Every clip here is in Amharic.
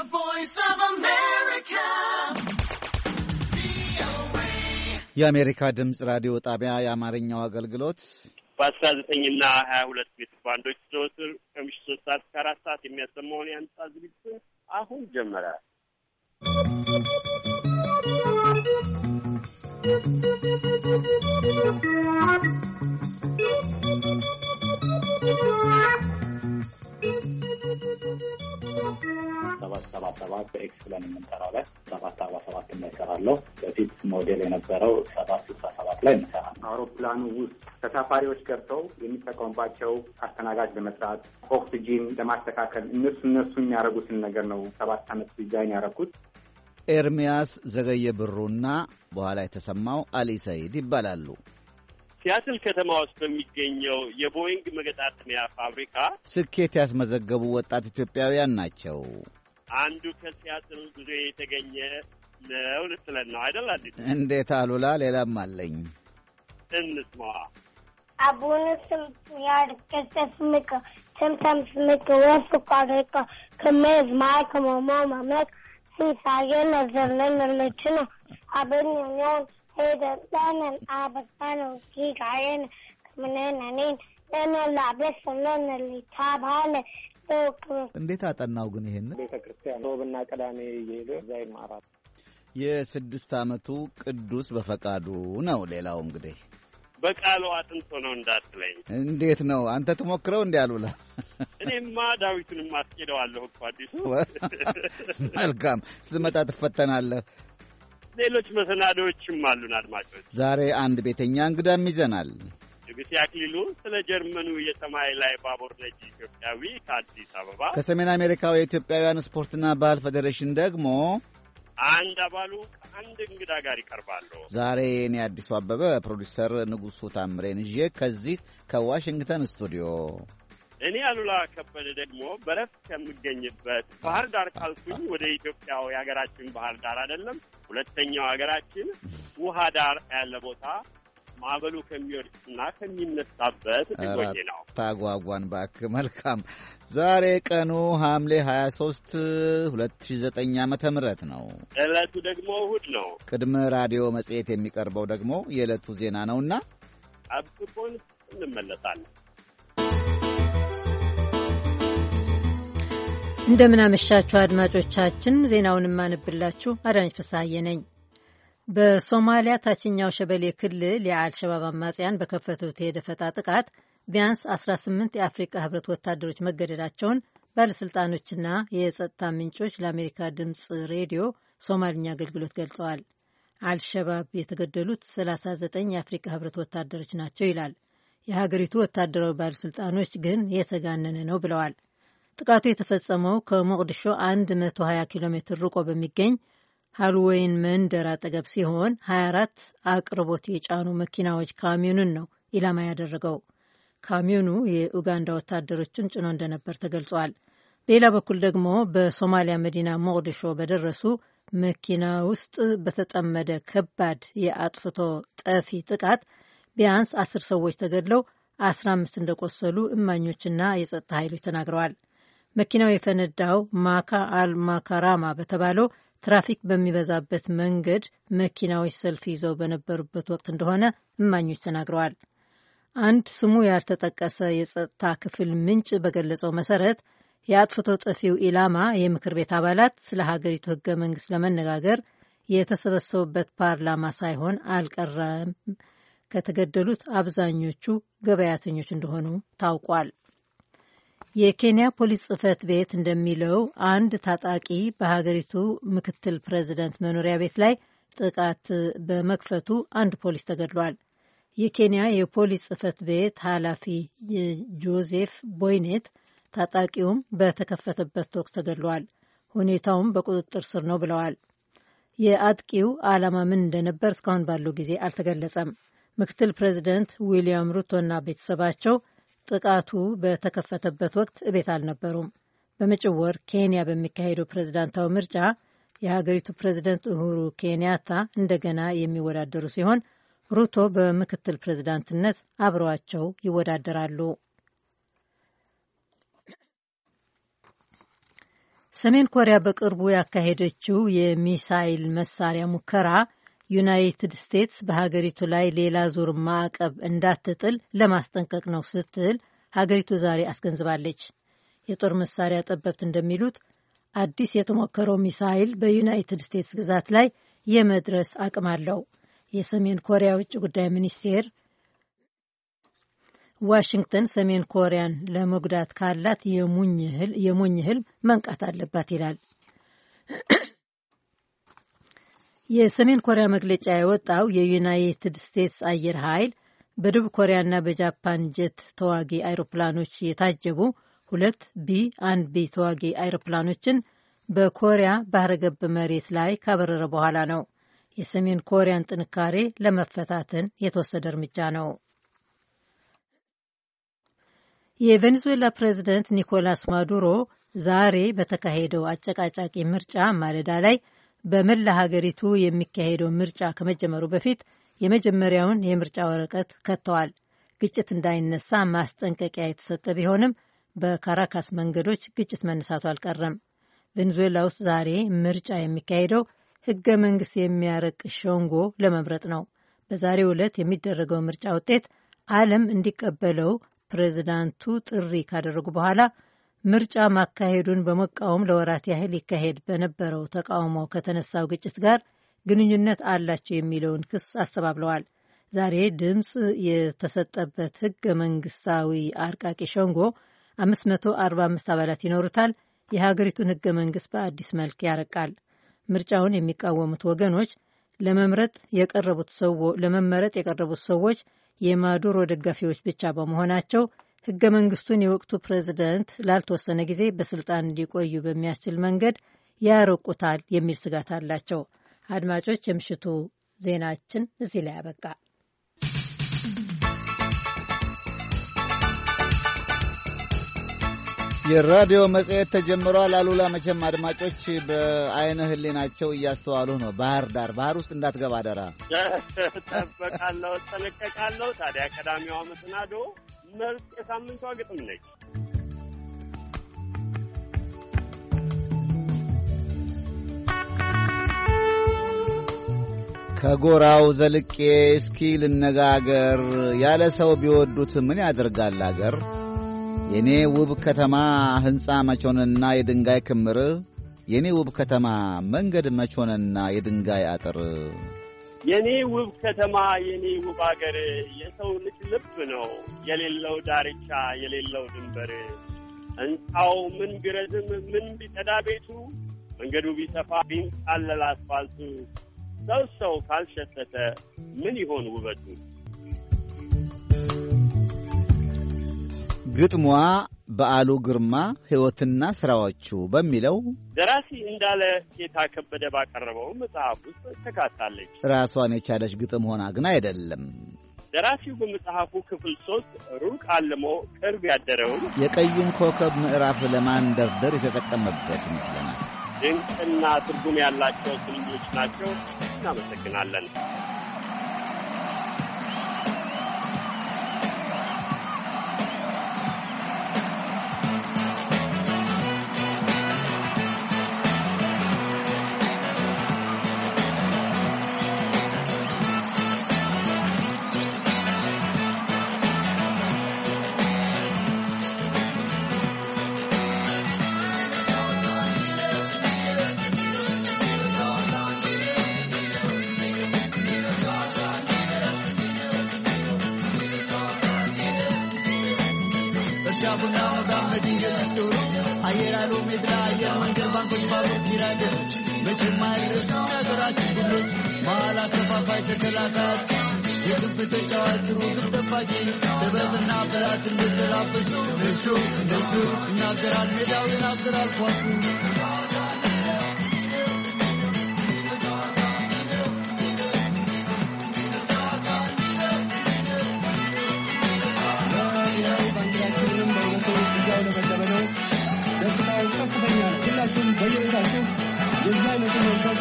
The Voice of America. የአሜሪካ ድምፅ ራዲዮ ጣቢያ የአማርኛው አገልግሎት በአስራ ዘጠኝና ሀያ ሁለት ሜትር ባንዶች ዘወትር ከምሽቱ ሶስት ሰዓት እስከ አራት ሰዓት የሚያሰማውን የአንጻ ዝግጅት አሁን ጀመረ። Thank you. ሰባት ሰባት ሰባት በኤክስ ብለን የምንጠራው ላይ ሰባት አርባ ሰባት ላይ በፊት ሞዴል የነበረው ሰባት ስልሳ ሰባት ላይ እንሰራ። አውሮፕላኑ ውስጥ ተሳፋሪዎች ገብተው የሚጠቀሙባቸው አስተናጋጅ ለመስራት ኦክሲጂን ለማስተካከል እነሱ እነሱ የሚያደርጉትን ነገር ነው ሰባት ዓመት ዲዛይን ያደረኩት። ኤርሚያስ ዘገየ ብሩና በኋላ የተሰማው አሊ ሰይድ ይባላሉ። ሲያትል ከተማ ውስጥ በሚገኘው የቦይንግ መገጣጠሚያ ፋብሪካ ስኬት ያስመዘገቡ ወጣት ኢትዮጵያውያን ናቸው። አንዱ ከሲያትል ጉዞ የተገኘ ነው ልትለን ነው አይደል? አዲሱ እንዴት አሉላ፣ ሌላም አለኝ እንስማ። አቡነ ስምቱ ያርከሰ ስምከ ስምተም ስምቅ ወፍቆ አደቀ ከመዝ ማከ መሞ ማመክ ሲሳየን ነዘርነን ነለችነ አብን ዮን ሄደን ለነን አበቃነ ሲጋየን ከምነን እኔን ለነን ላበሰ ለነን ሊታባለ እንዴት አጠናው ግን ይሄን ቤተ ክርስቲያን ሮብና ቅዳሜ እየሄደ እዛ ይማራል። የስድስት ዓመቱ ቅዱስ በፈቃዱ ነው። ሌላው እንግዲህ በቃሉ አጥንቶ ነው እንዳትለኝ። እንዴት ነው አንተ ትሞክረው እንዲ አሉላ። እኔማ ዳዊትን ማስኬደዋለሁ እኮ አዲሱ። መልካም ስትመጣ ትፈተናለህ። ሌሎች መሰናዶዎችም አሉን አድማጮች። ዛሬ አንድ ቤተኛ እንግዳም ይዘናል። ንጉሴ አክሊሉ ስለ ጀርመኑ የሰማይ ላይ ባቡር ነጂ ኢትዮጵያዊ ከአዲስ አበባ፣ ከሰሜን አሜሪካው የኢትዮጵያውያን ስፖርትና ባህል ፌዴሬሽን ደግሞ አንድ አባሉ ከአንድ እንግዳ ጋር ይቀርባሉ። ዛሬ እኔ አዲሱ አበበ ፕሮዲሰር ንጉሱ ታምሬን ይዤ ከዚህ ከዋሽንግተን ስቱዲዮ እኔ አሉላ ከበደ ደግሞ በረፍት ከምገኝበት ባህር ዳር ካልኩኝ ወደ ኢትዮጵያው የሀገራችን ባህር ዳር አይደለም፣ ሁለተኛው ሀገራችን ውሃ ዳር ያለ ቦታ ማዕበሉ ከሚወድቅና ከሚነሳበት ልጎቴ ነው። ታጓጓን ባክ መልካም። ዛሬ ቀኑ ሐምሌ 23 2009 ዓ.ም ነው። ዕለቱ ደግሞ እሁድ ነው። ቅድመ ራዲዮ መጽሔት የሚቀርበው ደግሞ የዕለቱ ዜና ነውና አብቅቦን እንመለሳለን። እንደምናመሻችሁ አድማጮቻችን፣ ዜናውን የማነብላችሁ አዳነች ፍስሐዬ ነኝ። በሶማሊያ ታችኛው ሸበሌ ክልል የአልሸባብ አማጽያን በከፈቱት የደፈጣ ጥቃት ቢያንስ 18 የአፍሪካ ህብረት ወታደሮች መገደላቸውን ባለሥልጣኖችና የጸጥታ ምንጮች ለአሜሪካ ድምፅ ሬዲዮ ሶማልኛ አገልግሎት ገልጸዋል። አልሸባብ የተገደሉት 39 የአፍሪካ ህብረት ወታደሮች ናቸው ይላል። የሀገሪቱ ወታደራዊ ባለሥልጣኖች ግን የተጋነነ ነው ብለዋል። ጥቃቱ የተፈጸመው ከሞቅዲሾ 120 ኪሎ ሜትር ርቆ በሚገኝ ሃልዌይን መንደር አጠገብ ሲሆን 24 አቅርቦት የጫኑ መኪናዎች ካሚዮኑን ነው ኢላማ ያደረገው። ካሚዮኑ የኡጋንዳ ወታደሮችን ጭኖ እንደነበር ተገልጿል። በሌላ በኩል ደግሞ በሶማሊያ መዲና ሞቅዲሾ በደረሱ መኪና ውስጥ በተጠመደ ከባድ የአጥፍቶ ጠፊ ጥቃት ቢያንስ አስር ሰዎች ተገድለው አምስት እንደቆሰሉ እማኞችና የጸጥታ ኃይሎች ተናግረዋል። መኪናው የፈነዳው ማካ አልማካራማ በተባለው ትራፊክ በሚበዛበት መንገድ መኪናዎች ሰልፍ ይዘው በነበሩበት ወቅት እንደሆነ እማኞች ተናግረዋል። አንድ ስሙ ያልተጠቀሰ የጸጥታ ክፍል ምንጭ በገለጸው መሰረት የአጥፍቶ ጠፊው ኢላማ የምክር ቤት አባላት ስለ ሀገሪቱ ህገ መንግስት ለመነጋገር የተሰበሰቡበት ፓርላማ ሳይሆን አልቀረም። ከተገደሉት አብዛኞቹ ገበያተኞች እንደሆኑ ታውቋል። የኬንያ ፖሊስ ጽህፈት ቤት እንደሚለው አንድ ታጣቂ በሀገሪቱ ምክትል ፕሬዚደንት መኖሪያ ቤት ላይ ጥቃት በመክፈቱ አንድ ፖሊስ ተገድሏል። የኬንያ የፖሊስ ጽህፈት ቤት ኃላፊ ጆዜፍ ቦይኔት ታጣቂውም በተከፈተበት ተኩስ ተገድሏል፣ ሁኔታውም በቁጥጥር ስር ነው ብለዋል። የአጥቂው ዓላማ ምን እንደነበር እስካሁን ባለው ጊዜ አልተገለጸም። ምክትል ፕሬዚደንት ዊልያም ሩቶና ቤተሰባቸው ጥቃቱ በተከፈተበት ወቅት እቤት አልነበሩም። በመጪው ወር ኬንያ በሚካሄደው ፕሬዝዳንታዊ ምርጫ የሀገሪቱ ፕሬዝደንት እሁሩ ኬንያታ እንደገና የሚወዳደሩ ሲሆን ሩቶ በምክትል ፕሬዝዳንትነት አብረዋቸው ይወዳደራሉ። ሰሜን ኮሪያ በቅርቡ ያካሄደችው የሚሳይል መሳሪያ ሙከራ ዩናይትድ ስቴትስ በሀገሪቱ ላይ ሌላ ዙር ማዕቀብ እንዳትጥል ለማስጠንቀቅ ነው ስትል ሀገሪቱ ዛሬ አስገንዝባለች። የጦር መሳሪያ ጠበብት እንደሚሉት አዲስ የተሞከረው ሚሳይል በዩናይትድ ስቴትስ ግዛት ላይ የመድረስ አቅም አለው። የሰሜን ኮሪያ ውጭ ጉዳይ ሚኒስቴር ዋሽንግተን ሰሜን ኮሪያን ለመጉዳት ካላት የሞኝ ህልም መንቃት አለባት ይላል። የሰሜን ኮሪያ መግለጫ የወጣው የዩናይትድ ስቴትስ አየር ኃይል በደቡብ ኮሪያና በጃፓን ጀት ተዋጊ አይሮፕላኖች የታጀቡ ሁለት ቢ አንድ ቢ ተዋጊ አይሮፕላኖችን በኮሪያ ባህረ ገብ መሬት ላይ ካበረረ በኋላ ነው። የሰሜን ኮሪያን ጥንካሬ ለመፈታተን የተወሰደ እርምጃ ነው። የቬኔዙዌላ ፕሬዚደንት ኒኮላስ ማዱሮ ዛሬ በተካሄደው አጨቃጫቂ ምርጫ ማለዳ ላይ በመላ ሀገሪቱ የሚካሄደው ምርጫ ከመጀመሩ በፊት የመጀመሪያውን የምርጫ ወረቀት ከተዋል። ግጭት እንዳይነሳ ማስጠንቀቂያ የተሰጠ ቢሆንም በካራካስ መንገዶች ግጭት መነሳቱ አልቀረም። ቬንዙዌላ ውስጥ ዛሬ ምርጫ የሚካሄደው ህገ መንግስት የሚያረቅ ሸንጎ ለመምረጥ ነው። በዛሬው ዕለት የሚደረገው ምርጫ ውጤት ዓለም እንዲቀበለው ፕሬዚዳንቱ ጥሪ ካደረጉ በኋላ ምርጫ ማካሄዱን በመቃወም ለወራት ያህል ይካሄድ በነበረው ተቃውሞ ከተነሳው ግጭት ጋር ግንኙነት አላቸው የሚለውን ክስ አስተባብለዋል። ዛሬ ድምፅ የተሰጠበት ህገ መንግስታዊ አርቃቂ ሸንጎ 545 አባላት ይኖሩታል። የሀገሪቱን ህገ መንግስት በአዲስ መልክ ያረቃል። ምርጫውን የሚቃወሙት ወገኖች ለመምረጥ የቀረቡት ሰዎች ለመመረጥ የቀረቡት ሰዎች የማዱሮ ደጋፊዎች ብቻ በመሆናቸው ህገ መንግስቱን የወቅቱ ፕሬዚደንት ላልተወሰነ ጊዜ በስልጣን እንዲቆዩ በሚያስችል መንገድ ያረቁታል የሚል ስጋት አላቸው። አድማጮች፣ የምሽቱ ዜናችን እዚህ ላይ አበቃ። የራዲዮ መጽሔት ተጀምሯል። አሉላ መቼም አድማጮች በአይነ ህሊናቸው እያስተዋሉ ነው። ባህር ዳር ባህር ውስጥ እንዳትገባ አደራ። እጠበቃለሁ፣ ታዲያ ቀዳሚዋ መሰናዶ ምርጥ የሳምንቷ ግጥም ነች። ከጎራው ዘልቄ እስኪ ልነጋገር ያለ ሰው ቢወዱት ምን ያደርጋል አገር የኔ ውብ ከተማ ሕንፃ መቾንና የድንጋይ ክምር የኔ ውብ ከተማ መንገድ መቾንና የድንጋይ አጥር የኔ ውብ ከተማ የኔ ውብ አገር የሰው ልጅ ልብ ነው የሌለው ዳርቻ የሌለው ድንበር። ሕንፃው ምን ቢረዝም ምን ቢጠዳ ቤቱ መንገዱ ቢሰፋ ቢንጣለል አስፋልቱ ሰው ሰው ካልሸተተ ምን ይሆን ውበቱ? ግጥሟ በዓሉ ግርማ ሕይወትና ሥራዎቹ በሚለው ደራሲ እንዳለ ጌታ ከበደ ባቀረበው መጽሐፍ ውስጥ ተካታለች። ራሷን የቻለች ግጥም ሆና ግን አይደለም። ደራሲው በመጽሐፉ ክፍል ሶስት ሩቅ አልሞ ቅርብ ያደረውን የቀዩን ኮከብ ምዕራፍ ለማንደርደር የተጠቀመበት ይመስለናል። ድንቅና ትርጉም ያላቸው ስንኞች ናቸው። እናመሰግናለን። ችግራችሁ ግብጠፋቂ ጥበብና ብላት እንድትላበሱ እሱ እሱ ይናገራል ሜዳው ይናገራል ኳሱ ሁላችሁም በየቤታችሁ የዚህ አይነቱ መንፈስ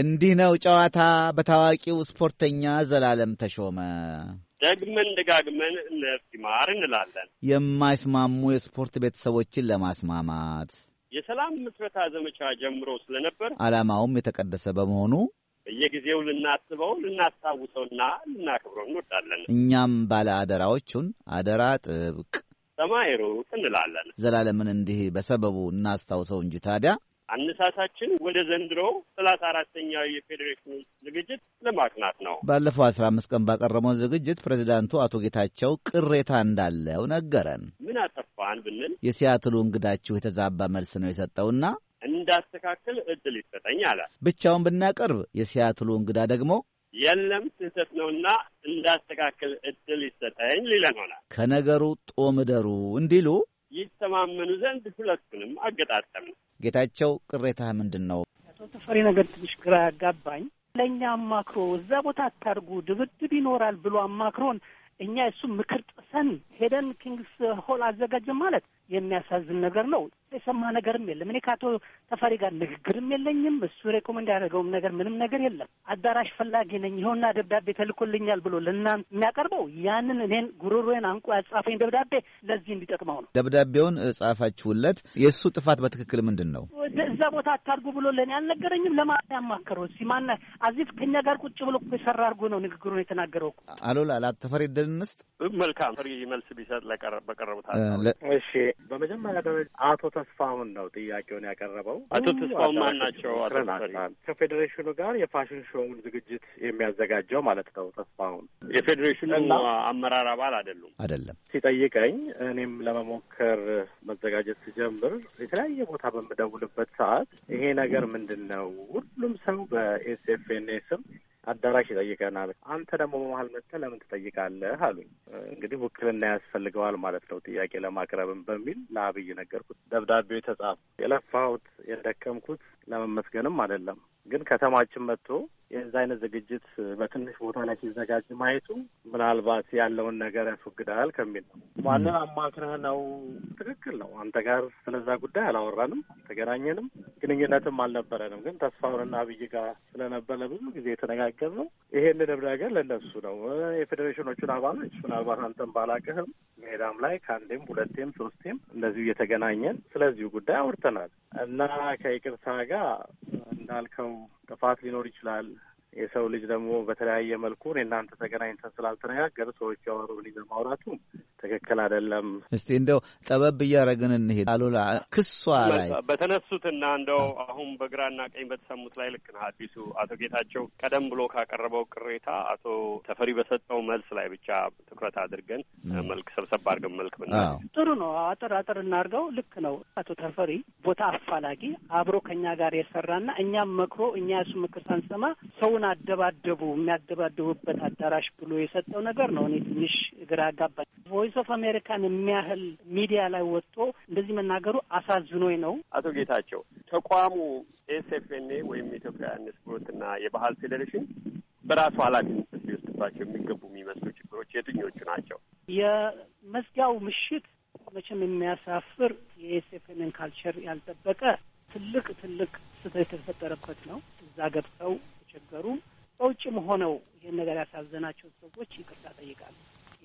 እንዲህ ነው ጨዋታ በታዋቂው ስፖርተኛ ዘላለም ተሾመ። ደግመን ደጋግመን ነፍስ ይማር እንላለን። የማይስማሙ የስፖርት ቤተሰቦችን ለማስማማት የሰላም ምስረታ ዘመቻ ጀምሮ ስለነበር ዓላማውም የተቀደሰ በመሆኑ በየጊዜው ልናስበው ልናስታውሰውና ልናክብረው እንወዳለን። እኛም ባለ አደራዎቹን አደራ ጥብቅ ሰማይ ሩቅ እንላለን። ዘላለምን እንዲህ በሰበቡ እናስታውሰው እንጂ ታዲያ አነሳሳችን ወደ ዘንድሮ ሰላሳ አራተኛው የፌዴሬሽኑ ዝግጅት ለማቅናት ነው። ባለፈው አስራ አምስት ቀን ባቀረበው ዝግጅት ፕሬዚዳንቱ አቶ ጌታቸው ቅሬታ እንዳለው ነገረን። ምን አጠፋን ብንል የሲያትሉ እንግዳችሁ የተዛባ መልስ ነው የሰጠውና እንዳስተካከል እድል ይሰጠኝ አለ። ብቻውን ብናቀርብ የሲያትሉ እንግዳ ደግሞ የለም ስህተት ነውና እንዳስተካከል እድል ይሰጠኝ ሊለን ሆናል። ከነገሩ ጦምደሩ እንዲሉ ይተማመኑ ዘንድ ሁለቱንም አገጣጠም ጌታቸው ቅሬታ ምንድን ነው? አቶ ተፈሪ ነገር ትንሽ ግራ ያጋባኝ ለእኛ አማክሮ እዛ ቦታ አታርጉ ድብድብ ይኖራል ብሎ አማክሮን እኛ እሱ ምክር ጥሰን ሄደን ኪንግስ ሆል አዘጋጀን ማለት የሚያሳዝን ነገር ነው። የሰማ ነገርም የለም። እኔ ከአቶ ተፈሪ ጋር ንግግርም የለኝም። እሱ ሬኮመንድ ያደረገውም ነገር ምንም ነገር የለም። አዳራሽ ፈላጊ ነኝ ይኸውና ደብዳቤ ተልኮልኛል ብሎ ለእናንተ የሚያቀርበው ያንን እኔን ጉሮሮዬን አንቆ ያጻፈኝ ደብዳቤ ለዚህ እንዲጠቅመው ነው። ደብዳቤውን ጻፋችሁለት። የእሱ ጥፋት በትክክል ምንድን ነው? እዛ ቦታ አታርጉ ብሎ ለእኔ አልነገረኝም። ለማን ያማከረው? እስኪ ማን አዚፍ ከኛ ጋር ቁጭ ብሎ የሰራ አድርጎ ነው ንግግሩን የተናገረው። አሉላ ላተፈሪ ድንስት መልካም መልስ ቢሰጥ ለቀረ በቀረቡት እሺ በመጀመሪያ ደረጃ አቶ ተስፋሁን ነው ጥያቄውን ያቀረበው። አቶ ተስፋሁን ማን ናቸው? ከፌዴሬሽኑ ጋር የፋሽን ሾውን ዝግጅት የሚያዘጋጀው ማለት ነው። ተስፋሁን የፌዴሬሽኑ አመራር አባል አይደሉም? አይደለም። ሲጠይቀኝ እኔም ለመሞከር መዘጋጀት ሲጀምር የተለያየ ቦታ በምደውልበት ሰዓት ይሄ ነገር ምንድን ነው ሁሉም ሰው በኤስኤፍኤንኤ ስም አዳራሽ ይጠይቀናል። አንተ ደግሞ በመሀል መጥተህ ለምን ትጠይቃለህ አሉኝ። እንግዲህ ውክልና ያስፈልገዋል ማለት ነው ጥያቄ ለማቅረብም በሚል ለአብይ ነገርኩት። ደብዳቤው የተጻፈ የለፋሁት የደከምኩት ለመመስገንም አይደለም ግን ከተማችን መጥቶ የዛ አይነት ዝግጅት በትንሽ ቦታ ላይ ሲዘጋጅ ማየቱ ምናልባት ያለውን ነገር ያስወግዳል ከሚል ነው። ማንን አማክረህ ነው? ትክክል ነው። አንተ ጋር ስለዛ ጉዳይ አላወራንም፣ አልተገናኘንም፣ ግንኙነትም አልነበረንም። ግን ተስፋውንና አብይ ጋር ስለነበረ ብዙ ጊዜ ነው። ይሄንንም ነገር ለእነሱ ነው። የፌዴሬሽኖቹን አባሎች ምናልባት አንተም ባላቅህም ሜዳም ላይ ከአንዴም ሁለቴም ሶስቴም እንደዚሁ እየተገናኘን ስለዚሁ ጉዳይ አውርተናል እና ከይቅርታ ጋር እንዳልከው ጥፋት ሊኖር ይችላል የሰው ልጅ ደግሞ በተለያየ መልኩ እናንተ ተገናኝተን ስላልተነጋገር ሰዎች ያወሩን ይዘ ማውራቱ ትክክል አይደለም። እስቲ እንደው ጠበብ እያደረግን እንሄድ። አሉላ ክሷ ላይ በተነሱትና እንደው አሁን በግራና ቀኝ በተሰሙት ላይ ልክ ነህ አዲሱ። አቶ ጌታቸው ቀደም ብሎ ካቀረበው ቅሬታ አቶ ተፈሪ በሰጠው መልስ ላይ ብቻ ትኩረት አድርገን መልክ ሰብሰብ አድርገን መልክ ብና ጥሩ ነው። አጠር አጠር እናድርገው። ልክ ነው። አቶ ተፈሪ ቦታ አፋላጊ አብሮ ከኛ ጋር የሰራና እኛም መክሮ እኛ ሱ ምክር ሳንሰማ ሰው ህዝቡን አደባደቡ የሚያደባደቡበት አዳራሽ ብሎ የሰጠው ነገር ነው። እኔ ትንሽ ግራ አጋባኝ። ቮይስ ኦፍ አሜሪካን የሚያህል ሚዲያ ላይ ወጥቶ እንደዚህ መናገሩ አሳዝኖኝ ነው። አቶ ጌታቸው ተቋሙ ኤስኤፍኤንኤ ወይም ኢትዮጵያውያን ስፖርትና የባህል ፌዴሬሽን በራሱ ኃላፊነት ሊወስድባቸው የሚገቡ የሚመስሉ ችግሮች የትኞቹ ናቸው? የመዝጊያው ምሽት መቼም የሚያሳፍር የኤስኤፍኤንን ካልቸር ያልጠበቀ ትልቅ ትልቅ ስህተት የተፈጠረበት ነው። እዛ ገብ ሆነው ይህን ነገር ያሳዘናቸው ሰዎች ይቅርታ ጠይቃሉ።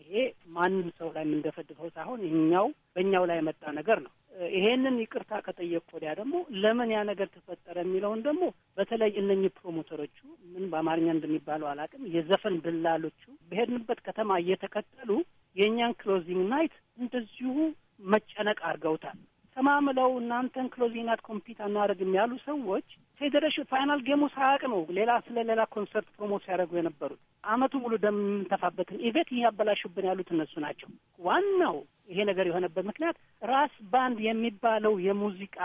ይሄ ማንም ሰው ላይ የምንደፈድፈው ሳይሆን እኛው በእኛው ላይ የመጣ ነገር ነው። ይሄንን ይቅርታ ከጠየቅ ወዲያ ደግሞ ለምን ያ ነገር ተፈጠረ የሚለውን ደግሞ በተለይ እነኚህ ፕሮሞተሮቹ ምን በአማርኛ እንደሚባለው አላውቅም፣ የዘፈን ብላሎቹ በሄድንበት ከተማ እየተከተሉ የእኛን ክሎዚንግ ናይት እንደዚሁ መጨነቅ አድርገውታል። የማምለው እናንተን ክሎዚናት ኮምፒት አናደርግም ያሉ ሰዎች ፌዴሬሽን ፋይናል ጌሙ ሳያቅ ነው ሌላ ስለ ሌላ ኮንሰርት ፕሮሞ ሲያደርጉ የነበሩት። አመቱ ሙሉ ደም የምንተፋበትን ኢቬት እያበላሹብን ያሉት እነሱ ናቸው። ዋናው ይሄ ነገር የሆነበት ምክንያት ራስ ባንድ የሚባለው የሙዚቃ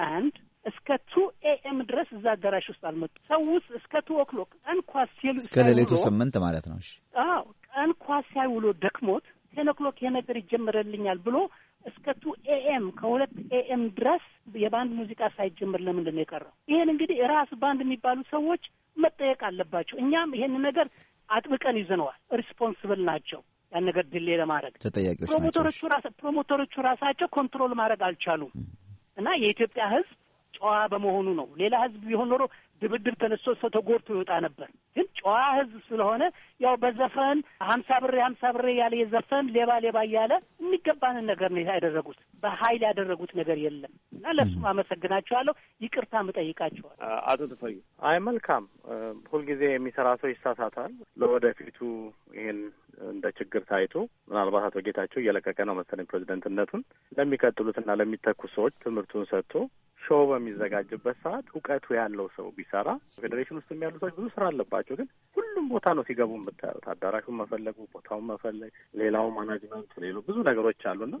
ባንድ እስከ ቱ ኤኤም ድረስ እዛ አዳራሽ ውስጥ አልመጡ። ሰው ውስጥ እስከ ቱ ኦክሎክ ቀን ኳስ እስከ ሌሊቱ ስምንት ማለት ነው። አዎ ቀን ሲያይ ውሎ ደክሞት ቴን ኦክሎክ ይሄ ነገር ይጀምረልኛል ብሎ እስከ ቱ ኤኤም ከሁለት ኤኤም ድረስ የባንድ ሙዚቃ ሳይጀምር ለምንድን ነው የቀረው? ይሄን እንግዲህ ራስ ባንድ የሚባሉ ሰዎች መጠየቅ አለባቸው። እኛም ይሄን ነገር አጥብቀን ይዘነዋል። ሪስፖንስብል ናቸው ያን ነገር ድሌ ለማድረግ ተጠያቂዎች ፕሮሞተሮቹ ፕሮሞተሮቹ ራሳቸው ኮንትሮል ማድረግ አልቻሉም እና የኢትዮጵያ ሕዝብ ጨዋ በመሆኑ ነው። ሌላ ሕዝብ ቢሆን ኖሮ ድብድብ ተነስቶ ሰው ተጎድቶ ይወጣ ነበር። ግን ጨዋ ህዝብ ስለሆነ ያው በዘፈን ሀምሳ ብሬ ሀምሳ ብሬ ያለ የዘፈን ሌባ ሌባ እያለ የሚገባንን ነገር ነው ያደረጉት። በሀይል ያደረጉት ነገር የለም እና ለሱም አመሰግናቸዋለሁ፣ ይቅርታ ምጠይቃቸዋል። አቶ ተፈሪ አይ መልካም። ሁልጊዜ የሚሰራ ሰው ይሳሳታል። ለወደፊቱ ይህን እንደ ችግር ታይቶ ምናልባት አቶ ጌታቸው እየለቀቀ ነው መሰለኝ ፕሬዚደንትነቱን ለሚቀጥሉትና ለሚተኩ ሰዎች ትምህርቱን ሰጥቶ ሾው በሚዘጋጅበት ሰዓት እውቀቱ ያለው ሰው ቢሰ ሲሰራ ፌዴሬሽን ውስጥ ያሉ ሰዎች ብዙ ስራ አለባቸው። ግን ሁሉም ቦታ ነው ሲገቡ የምታዩት፣ አዳራሹን መፈለጉ፣ ቦታውን መፈለግ፣ ሌላው ማናጅመንት፣ ሌሎ ብዙ ነገሮች አሉና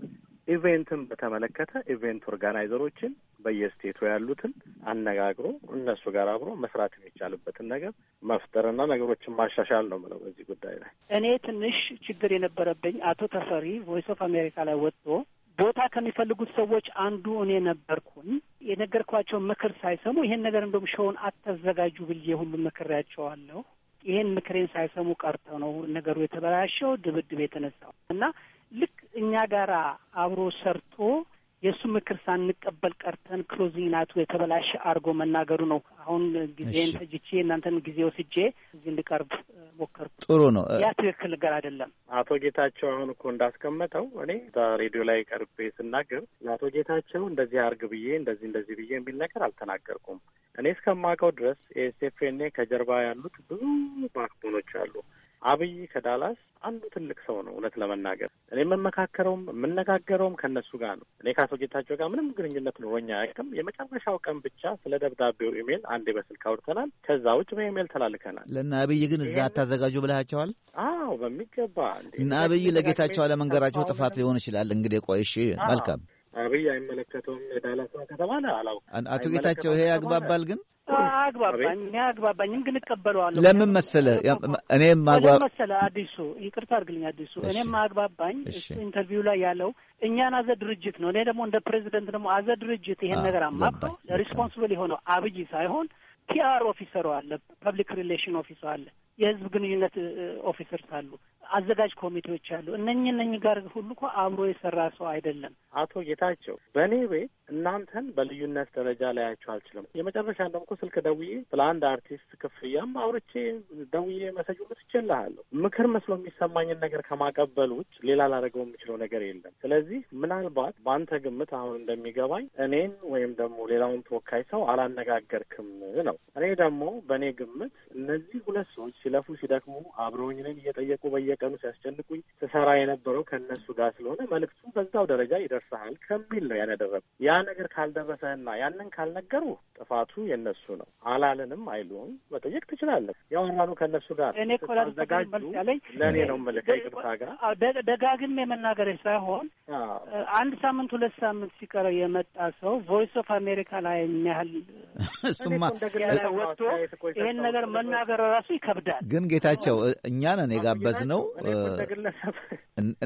ኢቬንትን በተመለከተ ኢቬንት ኦርጋናይዘሮችን በየስቴቱ ያሉትን አነጋግሮ እነሱ ጋር አብሮ መስራት የሚቻልበትን ነገር መፍጠርና ነገሮችን ማሻሻል ነው ምለው በዚህ ጉዳይ ላይ እኔ ትንሽ ችግር የነበረብኝ አቶ ተፈሪ ቮይስ ኦፍ አሜሪካ ላይ ወጥቶ ቦታ ከሚፈልጉት ሰዎች አንዱ እኔ ነበርኩኝ። የነገርኳቸውን ምክር ሳይሰሙ ይሄን ነገር እንደውም ሸውን አታዘጋጁ ብዬ ሁሉ መክሬያቸዋለሁ። ይሄን ምክሬን ሳይሰሙ ቀርተው ነው ነገሩ የተበላሸው፣ ድብድብ የተነሳው እና ልክ እኛ ጋራ አብሮ ሰርቶ የእሱ ምክር ሳንቀበል ቀርተን ክሎዚንግ ናቱ የተበላሸ አድርጎ መናገሩ ነው። አሁን ጊዜን ተጅቼ እናንተን ጊዜ ወስጄ እዚህ እንድቀርብ ሞከርኩ። ጥሩ ነው። ያ ትክክል ነገር አይደለም። አቶ ጌታቸው አሁን እኮ እንዳስቀመጠው እኔ ሬዲዮ ላይ ቀርቤ ስናገር ለአቶ ጌታቸው እንደዚህ አርግ ብዬ እንደዚህ እንደዚህ ብዬ የሚል ነገር አልተናገርኩም። እኔ እስከማውቀው ድረስ ኤስኤፍኔ ከጀርባ ያሉት ብዙ ባክቦኖች አሉ አብይ ከዳላስ አንዱ ትልቅ ሰው ነው። እውነት ለመናገር እኔ የምመካከረውም የምነጋገረውም ከእነሱ ጋር ነው። እኔ ከአቶ ጌታቸው ጋር ምንም ግንኙነት ኖሮኛ አያውቅም። የመጨረሻው ቀን ብቻ ስለ ደብዳቤው ኢሜል አንዴ በስልክ አውርተናል። ከዛ ውጭ በኢሜል ተላልከናል። ለእነ አብይ ግን እዛ አታዘጋጁ ብለሃቸዋል? አዎ በሚገባ እነ አብይ ለጌታቸው አለመንገራቸው ጥፋት ሊሆን ይችላል። እንግዲህ ቆይ እሺ፣ መልካም አብይ አይመለከተውም። የዳላስ ከተባለ አላውቅም። አቶ ጌታቸው ይሄ ያግባባል ግን አግባባኝ እኔ አግባባኝም ግን እቀበለዋለሁ። ለምን መሰለ እኔም ማግባ መሰለ አዲሱ ይቅርታ አድርግልኝ አዲሱ እኔም አግባባኝ ኢንተርቪው ላይ ያለው እኛን አዘ ድርጅት ነው። እኔ ደግሞ እንደ ፕሬዚደንት ደግሞ አዘ ድርጅት ይሄን ነገር አማባው ሪስፖንስብል የሆነው አብይ ሳይሆን ፒአር ኦፊሰሩ አለ፣ ፐብሊክ ሪሌሽን ኦፊሰሩ አለ። የህዝብ ግንኙነት ኦፊሰርስ አሉ፣ አዘጋጅ ኮሚቴዎች አሉ። እነኝ እነኝ ጋር ሁሉ እኮ አብሮ የሰራ ሰው አይደለም። አቶ ጌታቸው፣ በእኔ ቤት እናንተን በልዩነት ደረጃ ላያቸው አልችልም። የመጨረሻ እንደውም ስልክ ደውዬ ስለ አንድ አርቲስት ክፍያም አውርቼ ደውዬ መሰጅ ሁሉ ምክር መስሎ የሚሰማኝን ነገር ከማቀበል ውጭ ሌላ ላደርገው የምችለው ነገር የለም። ስለዚህ ምናልባት በአንተ ግምት አሁን እንደሚገባኝ እኔን ወይም ደግሞ ሌላውን ተወካይ ሰው አላነጋገርክም ነው። እኔ ደግሞ በእኔ ግምት እነዚህ ሁለት ሰዎች ሲለፉ ሲደክሙ አብረውኝ ነን እየጠየቁ በየቀኑ ሲያስጨንቁኝ ስሰራ የነበረው ከእነሱ ጋር ስለሆነ መልእክቱ በዛው ደረጃ ይደርሰሃል ከሚል ነው ያነደረጉ ያ ነገር ካልደረሰህና ያንን ካልነገሩ ጥፋቱ የነሱ ነው። አላለንም አይሉም። መጠየቅ ትችላለህ። ያወራኑ ከእነሱ ጋር ተዘጋጁ። ለእኔ ነው ምልክ ይቅርታ ጋር ደጋግም የመናገር ሳይሆን አንድ ሳምንት ሁለት ሳምንት ሲቀረ የመጣ ሰው ቮይስ ኦፍ አሜሪካ ላይ የሚያህል እሱማ ወጥቶ ይህን ነገር መናገር ራሱ ይከብዳል። ይላል። ግን ጌታቸው እኛ ነን የጋበዝነው።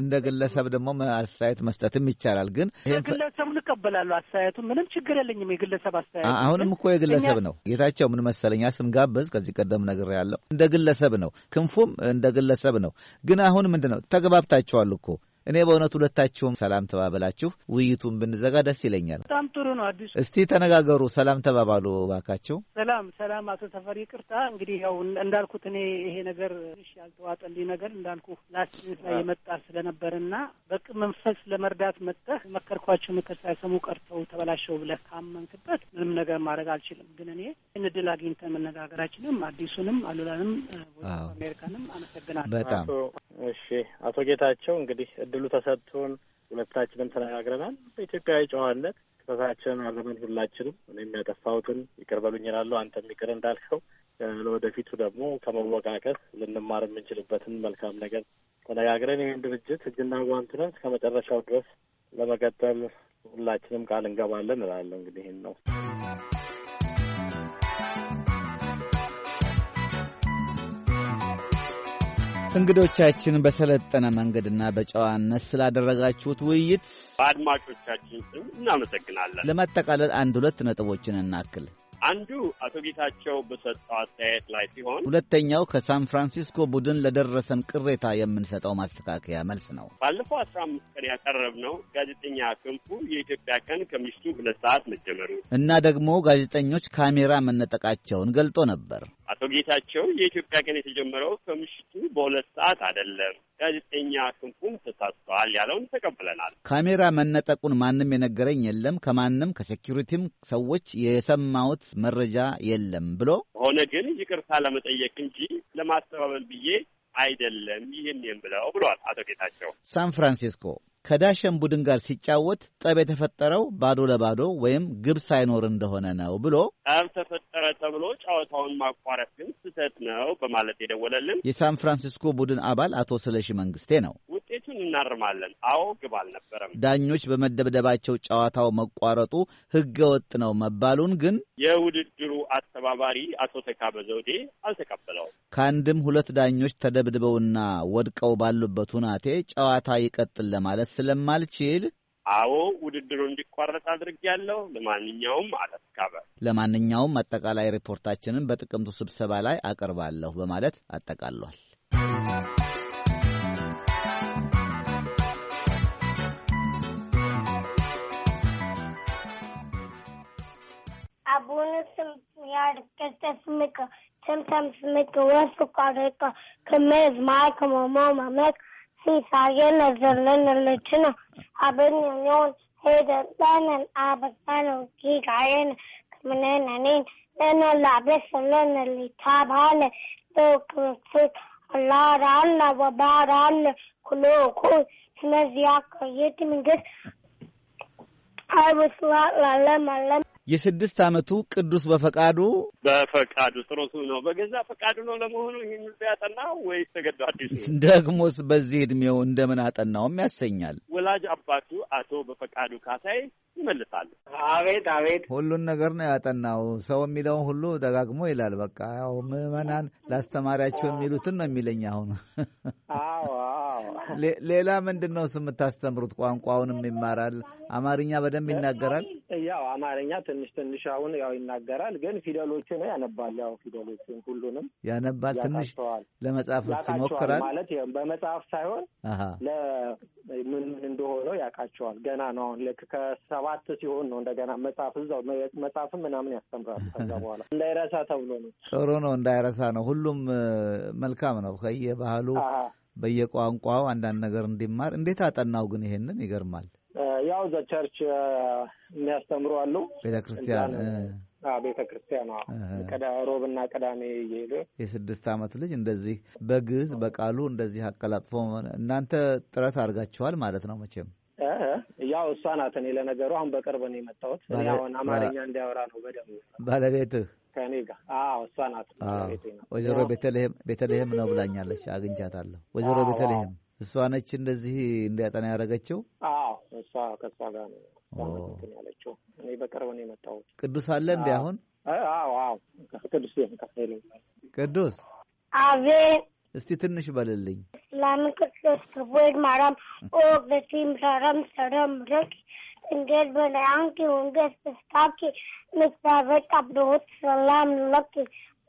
እንደ ግለሰብ ደግሞ አስተያየት መስጠትም ይቻላል። ግን ግለሰቡ ልቀበላለሁ አስተያየቱ ምንም ችግር የለኝም። የግለሰብ አስተያየት አሁንም እኮ የግለሰብ ነው። ጌታቸው ምን መሰለኛ ስንጋበዝ ከዚህ ቀደም ነገር ያለው እንደ ግለሰብ ነው፣ ክንፉም እንደ ግለሰብ ነው። ግን አሁን ምንድን ነው ተግባብታችኋል እኮ እኔ በእውነት ሁለታችሁም ሰላም ተባበላችሁ ውይይቱን ብንዘጋ ደስ ይለኛል። በጣም ጥሩ ነው። አዲሱ እስቲ ተነጋገሩ፣ ሰላም ተባባሉ ባካችሁ። ሰላም ሰላም። አቶ ተፈሪ ቅርታ፣ እንግዲህ ያው እንዳልኩት እኔ ይሄ ነገር ትንሽ ያልተዋጠልኝ ነገር እንዳልኩ ላስት ላይ የመጣ ስለነበርና በቅ መንፈስ ለመርዳት መጠህ መከርኳቸው ምክር ሳይሰሙ ቀርተው ተበላሸው ብለህ ካመንክበት ምንም ነገር ማድረግ አልችልም። ግን እኔ እንድል አግኝተን መነጋገራችንም አዲሱንም አሉላንም አሜሪካንም አመሰግናለሁ። በጣም እሺ። አቶ ጌታቸው እንግዲህ እድል እድሉ ተሰጥቶን ሁለታችንም ተነጋግረናል። በኢትዮጵያዊ ጨዋነት ክተታችንን አርመን ሁላችንም እኔም ያጠፋሁትን ይቅር በሉኝ እላለሁ፣ አንተም ይቅር እንዳልከው ለወደፊቱ ደግሞ ከመወቃቀስ ልንማር የምንችልበትን መልካም ነገር ተነጋግረን ይህን ድርጅት እጅና ጓንትነን እስከ መጨረሻው ድረስ ለመቀጠል ሁላችንም ቃል እንገባለን እላለሁ። እንግዲህ ይህን ነው እንግዶቻችን በሰለጠነ መንገድና በጨዋነት ስላደረጋችሁት ውይይት በአድማጮቻችን ስም እናመሰግናለን። ለማጠቃለል አንድ ሁለት ነጥቦችን እናክል። አንዱ አቶ ጌታቸው በሰጠው አስተያየት ላይ ሲሆን ሁለተኛው ከሳን ፍራንሲስኮ ቡድን ለደረሰን ቅሬታ የምንሰጠው ማስተካከያ መልስ ነው። ባለፈው አስራ አምስት ቀን ያቀረብነው ጋዜጠኛ ክንፉ የኢትዮጵያ ቀን ከሚስቱ ሁለት ሰዓት መጀመሩ እና ደግሞ ጋዜጠኞች ካሜራ መነጠቃቸውን ገልጦ ነበር። አቶ ጌታቸው የኢትዮጵያ ቀን የተጀመረው ከምሽቱ በሁለት ሰዓት አይደለም፣ ጋዜጠኛ ክንፉም ተሳስተዋል ያለውን ተቀብለናል። ካሜራ መነጠቁን ማንም የነገረኝ የለም፣ ከማንም ከሴኪሪቲም ሰዎች የሰማሁት መረጃ የለም ብሎ ሆነ ግን ይቅርታ ለመጠየቅ እንጂ ለማስተባበል ብዬ አይደለም ይህን ብለው ብሏል አቶ ጌታቸው። ሳን ፍራንሲስኮ ከዳሸን ቡድን ጋር ሲጫወት ጠብ የተፈጠረው ባዶ ለባዶ ወይም ግብ ሳይኖር እንደሆነ ነው ብሎ ጠብ ተፈጠረ ተብሎ ጨዋታውን ማቋረጥ ግን ስህተት ነው በማለት የደወለልን የሳን ፍራንሲስኮ ቡድን አባል አቶ ስለሺ መንግስቴ ነው። ውጤቱን እናርማለን፣ አዎ ግብ አልነበረም፣ ዳኞች በመደብደባቸው ጨዋታው መቋረጡ ህገወጥ ነው መባሉን ግን የውድድሩ አስተባባሪ አቶ ተካበ ዘውዴ አልተቀበለውም። ከአንድም ሁለት ዳኞች ተደብድበውና ወድቀው ባሉበት ሁናቴ ጨዋታ ይቀጥል ለማለት ማለት ስለማልችል አዎ ውድድሩ እንዲቋረጥ አድርግ ያለው ለማንኛውም አለስካበ ለማንኛውም አጠቃላይ ሪፖርታችንን በጥቅምቱ ስብሰባ ላይ አቀርባለሁ በማለት አጠቃሏል። አቡንስም ያርከተስምከ ተምተምስምከ ወፍቃደቀ ከመዝ ማከ መማማመክ Siis aiemmin lennellytsinä, abennin joon heidän lännen aabattanon kiikaen, kamenenä niin, lennolla abessa lennelli taabhaalle, toukkuuksut, allaara alla, vabaara alla, kulookuun, sinä siakka, jetiminkäs, aivuslaalla lemma lemma. የስድስት ዓመቱ ቅዱስ በፈቃዱ በፈቃዱ ጥሮቱ ነው። በገዛ ፈቃዱ ነው። ለመሆኑ ይህን ሁሉ ያጠናው ወይስ ተገዶ አዲሱ? ደግሞስ በዚህ እድሜው እንደምን አጠናውም ያሰኛል። ወላጅ አባቱ አቶ በፈቃዱ ካሳይ ይመልሳሉ። አቤት አቤት፣ ሁሉን ነገር ነው ያጠናው። ሰው የሚለውን ሁሉ ደጋግሞ ይላል። በቃ ያው ምዕመናን ላስተማሪያቸው የሚሉትን ነው የሚለኝ። አሁን ሌላ ምንድን ነው ስምታስተምሩት? ቋንቋውንም ይማራል። አማርኛ በደንብ ይናገራል። ያው አማርኛ ትንሽ ትንሽ አሁን ያው ይናገራል፣ ግን ነው ያነባል። ያው ፊደሎችን ሁሉንም ያነባል። ትንሽ ለመጻፍ ይሞክራል ማለት በመጽሐፍ ሳይሆን ለምን እንደሆነው ያውቃቸዋል። ገና ነው አሁን ልክ ከሳ ሰባት ሲሆን ነው እንደገና መጽሐፍ እዛው መጽሐፍም ምናምን ያስተምራል። ከዛ በኋላ እንዳይረሳ ተብሎ ነው። ጥሩ ነው። እንዳይረሳ ነው። ሁሉም መልካም ነው። ከየባህሉ በየቋንቋው አንዳንድ ነገር እንዲማር። እንዴት አጠናው ግን ይሄንን? ይገርማል። ያው ዘ ቸርች የሚያስተምሩ አሉ። ክርስቲያን ቤተ ሮብ ሮብና ቅዳሜ እየሄደ የስድስት ዓመት ልጅ እንደዚህ በግዕዝ በቃሉ እንደዚህ አቀላጥፎ እናንተ ጥረት አድርጋችኋል ማለት ነው መቼም ያው እሷ ናት። እኔ ለነገሩ አሁን በቅርብ ነው የመጣሁት። እኔ አሁን አማርኛ እንዲያወራ ነው በደምብ ባለቤትህ ከኔ ጋር እሷ ናት። ወይዘሮ ቤተልሔም ቤተልሔም ነው ብላኛለች። አግኝቻታለሁ። ወይዘሮ ቤተልሔም እሷ ነች እንደዚህ እንዲያጠና ያደረገችው። እሷ ከእሷ ጋር ነው ያለችው። እኔ በቅርብ ነው የመጣሁት። ቅዱስ አለ እንዲ አሁን ቅዱስ ቅዱስ አቤት እስቲ ትንሽ በልልኝ። ለምን ክርስቶስ ክቡድ ማርያም ኦ በቲም ረረም ሰረም ረቅ እንዴት በላያንኪ ወንጌስ ስታኪ ምታበቅ አብሮት ሰላም ለኪ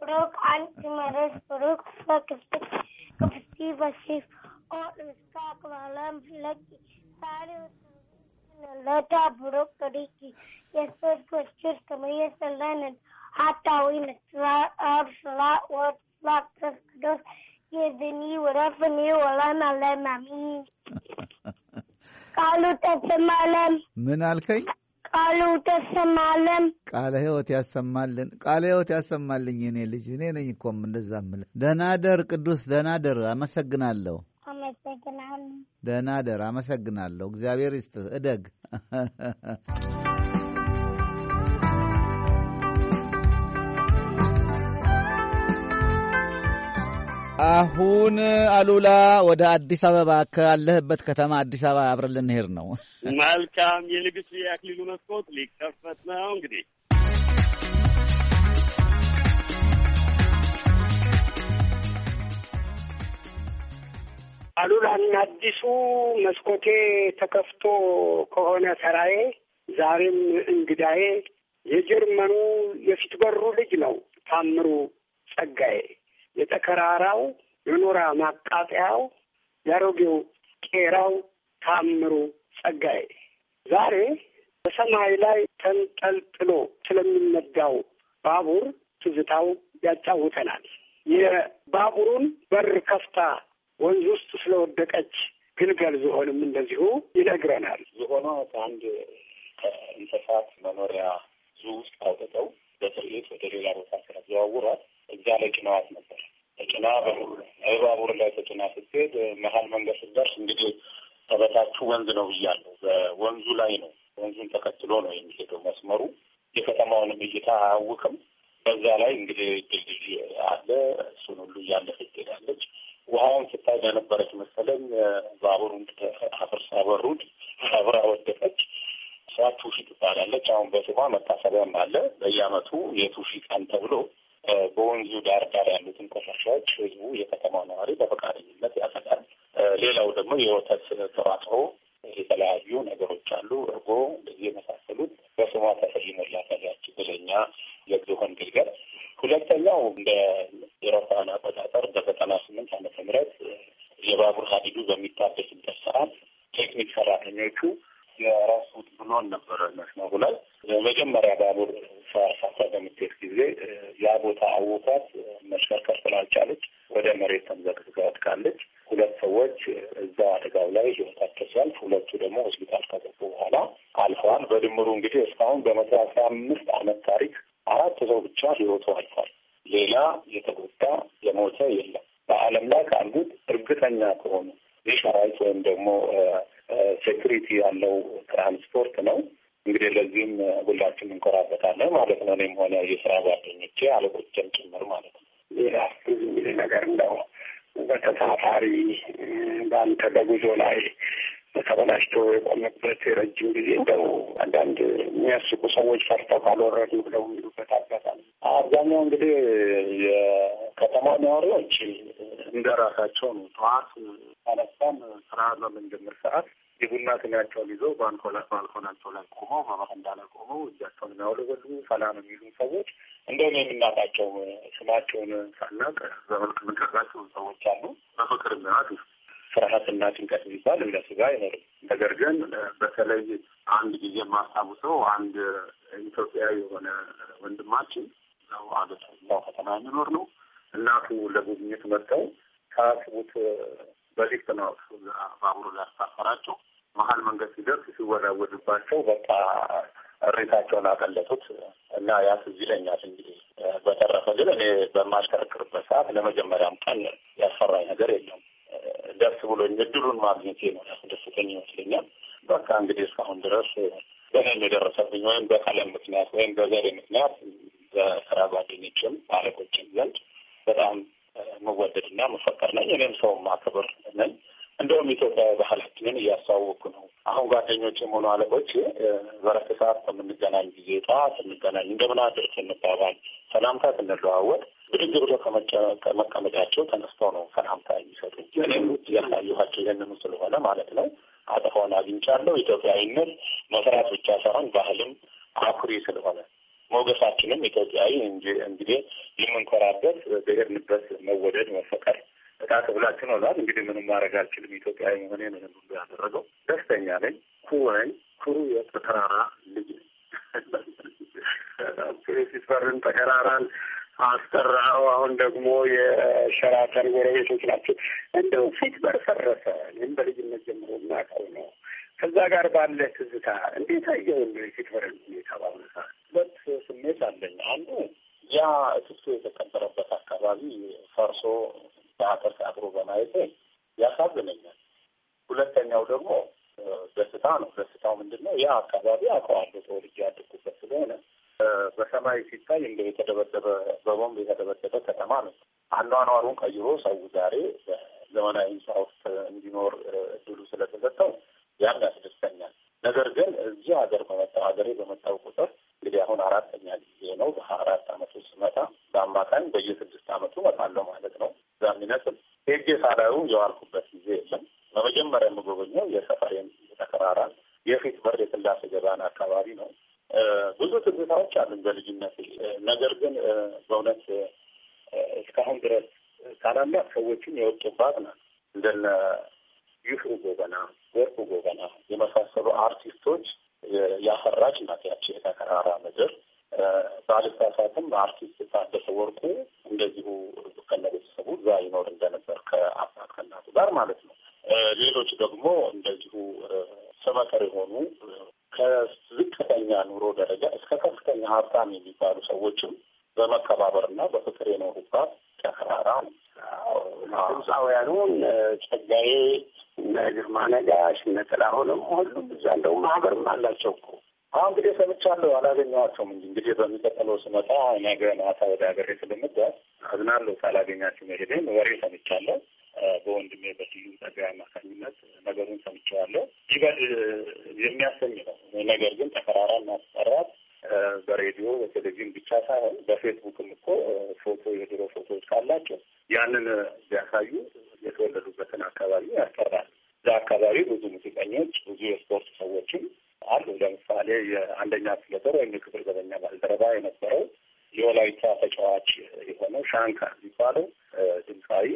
ብሩክ አንቺ መረስ ብሩክ በክፍት ክፍቲ በሲፍ और उसका कलाम लग सारे ለዳ ብሩክ ከዲኪ የሰድ ኮችር ከመየ ሰላነን ሀታዊ ምስራ አብስላ ወድ ስላ ክርስቶስ Yedini warafini walana ላይ ቃሉ ተሰማለም። ምን አልከኝ? ቃሉ ተሰማለም። ቃለ ሕይወት ያሰማልን። ቃለ ሕይወት ያሰማልኝ። እኔ ልጅ እኔ ነኝ እኮ እንደዛ ምለ። ደህና ደር ቅዱስ፣ ደህና ደር። አመሰግናለሁ፣ አመሰግናለሁ። ደህና ደር። አመሰግናለሁ። እግዚአብሔር ይስጥህ። እደግ አሁን አሉላ ወደ አዲስ አበባ ካለህበት ከተማ አዲስ አበባ አብረን ልንሄድ ነው። መልካም። የንግስ የአክሊሉ መስኮት ሊከፈት ነው እንግዲህ አሉላና አዲሱ መስኮቴ ተከፍቶ ከሆነ ሰራዬ ዛሬም እንግዳዬ የጀርመኑ የፊት በሩ ልጅ ነው ታምሩ ጸጋዬ የተከራራው የኖራ ማቃጠያው ያሮጌው ቄራው ታምሩ ጸጋዬ ዛሬ በሰማይ ላይ ተንጠልጥሎ ስለሚነዳው ባቡር ትዝታው ያጫውተናል። የባቡሩን በር ከፍታ ወንዝ ውስጥ ስለወደቀች ግልገል ዝሆንም እንደዚሁ ይነግረናል። ዝሆኗ ከአንድ ከእንስሳት መኖሪያ ዙ ውስጥ አውጥተው በትርት ወደ ሌላ ቦታ ስለዘዋውሯት እዛ ላይ ጭነዋት ነበር። ተጭና በባቡር ላይ ተጭና ስትሄድ መሀል መንገድ ስትደርስ እንግዲህ ከበታችሁ ወንዝ ነው ብያለሁ። በወንዙ ላይ ነው ወንዙን ተከትሎ ነው የሚሄደው መስመሩ። የከተማውንም እይታ አያውቅም። በዛ ላይ እንግዲህ ድልድይ አለ። እሱን ሁሉ እያለፈች ትሄዳለች። ውሃውን ስታይ በነበረች መሰለኝ ባቡሩን አፍር ሳበሩድ አብራ ወደቀች። እሷ ቱሺ ትባላለች። አሁን በስሟ መታሰቢያም አለ። በየአመቱ የቱሺ ቀን ተብሎ በወንዙ ዳር ዳር ያሉትን ቆሻሻዎች ህዝቡ የከተማው ነዋሪ በፈቃደኝነት ያፈሳል። ሌላው ደግሞ የወተት ተዋጽኦ የተለያዩ ነገሮች አሉ። እርጎ እንደዚህ የመሳሰሉት በስሟ ተሰይሞላታል ያቺ ብለኛ የዝሆን ግልገል። ሁለተኛው እንደ ኤሮፓውያን አቆጣጠር በዘጠና ስምንት ዓመተ ምህረት የባቡር ሀዲዱ በሚታደስበት ሰዓት ቴክኒክ ሰራተኞቹ የራሱት ብሎን ነበረ መስመሩ ላይ መጀመሪያ ባቡር ሳፋ በምትሄድ ጊዜ ያ ቦታ አወቋት መሽከርከር ስላልቻለች ወደ መሬት ተምዘግዝጋ ወድቃለች። ሁለት ሰዎች እዛው አደጋው ላይ ህይወታቸው ሲያልፍ ሁለቱ ደግሞ ሆስፒታል ከገቡ በኋላ አልፈዋል። በድምሩ እንግዲህ እስካሁን በመቶ አስራ አምስት አመት ታሪክ አራት ሰው ብቻ ህይወቱ አልፏል። ሌላ የተጎዳ የሞተ የለም። በዓለም ላይ ካሉት እርግጠኛ ከሆኑ ይህ ሰራዊት ወይም ደግሞ ሴኩሪቲ ያለው ትራንስፖርት ነው። እንግዲህ ለዚህም ሁላችን እንኮራበታለን ማለት ነው። እኔም ሆነ የስራ ጓደኞቼ አለቆቼም ጭምር ማለት ነው። ይህ እንግዲህ ነገር እንደው በተሳፋሪ በአንተ በጉዞ ላይ ተበላሽቶ የቆምበት የረጅም ጊዜ እንደው አንዳንድ የሚያስቁ ሰዎች ፈርተው ካልወረዱ ብለው የሚሉበት አጋጣሚ አብዛኛው እንግዲህ የከተማ ነዋሪዎች እንደ ራሳቸው ነው። ጠዋት ተነሳን ስራ በምንጀምር ሰዓት የቡና ስኒያቸውን ይዘው ባልኮላ ባልኮናቸው ላይ ቆመው በበረንዳ ላይ ቆመው እጃቸውን የሚያውለበሉ ሰላም የሚሉ ሰዎች እንደውም የምናውቃቸው ስማቸውን ሳናቅ በመልክ የምንቀርባቸው ሰዎች አሉ። በፍቅር ምራት ፍርሃትና ጭንቀት የሚባል እነሱ ጋር አይኖርም። ነገር ግን በተለይ አንድ ጊዜ የማስታውሰው አንድ ኢትዮጵያ የሆነ ወንድማችን ነው አገቱ እዛው ከተማ የሚኖር ነው። እናቱ ለጉብኝት መጥተው ከአስቡት በሊፍት ነው ባቡሩ ሊያሳፈራቸው መሀል መንገድ ሲደርስ ሲወረውድባቸው በቃ እሬታቸውን አቀለጡት እና ያ ትዝ ይለኛል። እንግዲህ በተረፈ ግን እኔ በማሽከረክርበት ሰዓት ለመጀመሪያም ቀን ያስፈራኝ ነገር የለም። ደስ ብሎኝ እድሉን ማግኘቴ ነው ያስደስተኝ ይመስለኛል። በቃ እንግዲህ እስካሁን ድረስ በእኔም የደረሰብኝ ወይም በቀለም ምክንያት ወይም በዘሬ ምክንያት በስራ ጓደኞችም ባለቆችም ዘንድ በጣም መወደድና መፈቀር ነኝ። እኔም ሰውም ማክብር ነኝ። እንደውም ኢትዮጵያ ባህላችንን እያስተዋወቅኩ ነው። አሁን ጓደኞች የሆኑ አለቆች በረፍት ሰዓት ከምንገናኝ ጊዜ ጠዋት እንገናኝ፣ እንደምን አድርክ እንባባል፣ ሰላምታ እንለዋወጥ። ብድግ ብሎ ከመቀመጫቸው ተነስተው ነው ሰላምታ የሚሰጡ። እኔም እያሳየኋቸው ይህንኑ ስለሆነ ማለት ነው አጠፋውን አግኝቻለሁ። ኢትዮጵያዊነት መስራት ብቻ ሳይሆን ባህልም አኩሪ ስለሆነ ሞገሳችንም ኢትዮጵያዊ እንግዲህ የምንኮራበት ብሄርንበት መወደድ መፈቀር በጣም ሁላችን ሆኗል። እንግዲህ ምንም ማድረግ አልችልም። ኢትዮጵያዊ መሆኔ ምንም ሁሉ ያደረገው። ደስተኛ ነኝ። ኩወኝ ኩሩ የወጥ ተራራ ልጅ ሲፈርን ተከራራን አስጠራው። አሁን ደግሞ የሸራተን ጎረቤቶች ናቸው። እንደው ፊት በርፈረሰ ይህም በልጅነት ጀምሮ የምናውቀው ነው። ከዛ ጋር ባለ ትዝታ እንዴት አየው እንደ ፊት በርን ሁኔታ በአሁኑ ሰዓት ሁለት ስሜት አለኝ። አንዱ ያ እስሱ የተቀበረበት አካባቢ ፈርሶ በአፈር አብሮ በማየቴ ያሳዝነኛል። ሁለተኛው ደግሞ ደስታ ነው። ደስታው ምንድን ነው? ያ አካባቢ አውቀዋለሁ ተወልጄ ያደኩበት ስለሆነ በሰማይ ሲታይ እንደ የተደበደበ በቦምብ የተደበደበ ከተማ ነው። አኗኗሩን ቀይሮ ሰው ዛሬ ዘመናዊ ህንፃ ውስጥ እንዲኖር እድሉ ስለተሰጠው ያን ያስደስተኛል። ነገር ግን እዚህ ሀገር በመጣው ሀገሬ በመጣው ቁጥር እንግዲህ አሁን አራተኛ ጊዜ ነው። በሀያ አራት አመቱ በአማካኝ በየስድስት አመቱ መጣለው ማለት ነው። እዛ የሚነስል ሄጄ ሳላዩ የዋልኩበት ጊዜ የለም። በመጀመሪያ የምጎበኘው የሰፈሬን ተከራራ የፊት በር የስላሴ ገባን አካባቢ ነው። ብዙ ትዝታዎች አሉኝ በልጅነት። ነገር ግን በእውነት እስካሁን ድረስ ታላላቅ ሰዎችን የወጡባት ናት እንደነ ይፍሩ ጎበና፣ ወርቁ ጎበና የመሳሰሉ አርቲስቶች ያፈራች ናት ያቺ የተከራራ ምድር። ባልሳሳትም አርቲስት ታደሰ ወርቁ እንደዚሁ ከነ ቤተሰቡ እዛ ይኖር እንደነበር ከአባት ከእናቱ ጋር ማለት ነው። ሌሎች ደግሞ እንደዚሁ ሰበከር የሆኑ ከዝቅተኛ ኑሮ ደረጃ እስከ ከፍተኛ ሀብታም የሚባሉ ሰዎችም በመከባበርና በፍቅር የኖሩባት ተከራራ ነው። ድምፃውያኑን ጸጋዬ እነ ግርማ ነጋሽ፣ እነ ጥላሁን ሁሉም እዛ እንደው ማህበርም አላቸው እኮ አሁ እንግዲህ ሰምቻለሁ፣ አላገኘኋቸውም እንጂ እንግዲህ በሚቀጥለው ስመጣ ነገ ማታ ወደ ሀገሬ ስለምጓዝ አዝናለሁ ሳላገኛችሁ መሄዴን ወሬ ሰምቻለሁ። በወንድሜ በትዩ ጸጋዬ አማካኝነት ነገሩን ሰምቼዋለሁ። ይበል የሚያሰኝ ነው። ነገር ግን ተፈራራ ማስጠራት በሬዲዮ በቴሌቪዥን ብቻ ሳይሆን በፌስቡክም እኮ ፎቶ የድሮ ፎቶዎች ካላቸው ያንን ቢያሳዩ የተወለዱበትን አካባቢ ያስጠራል። እዛ አካባቢ ብዙ ሙዚቀኞች፣ ብዙ የስፖርት ሰዎችም አሉ። ለምሳሌ የአንደኛ ክፍለ ጦር ወይም የክፍል ዘበኛ ባልደረባ የነበረው የወላይታ ተጫዋች የሆነው ሻንካ የሚባለው ድምፃዊ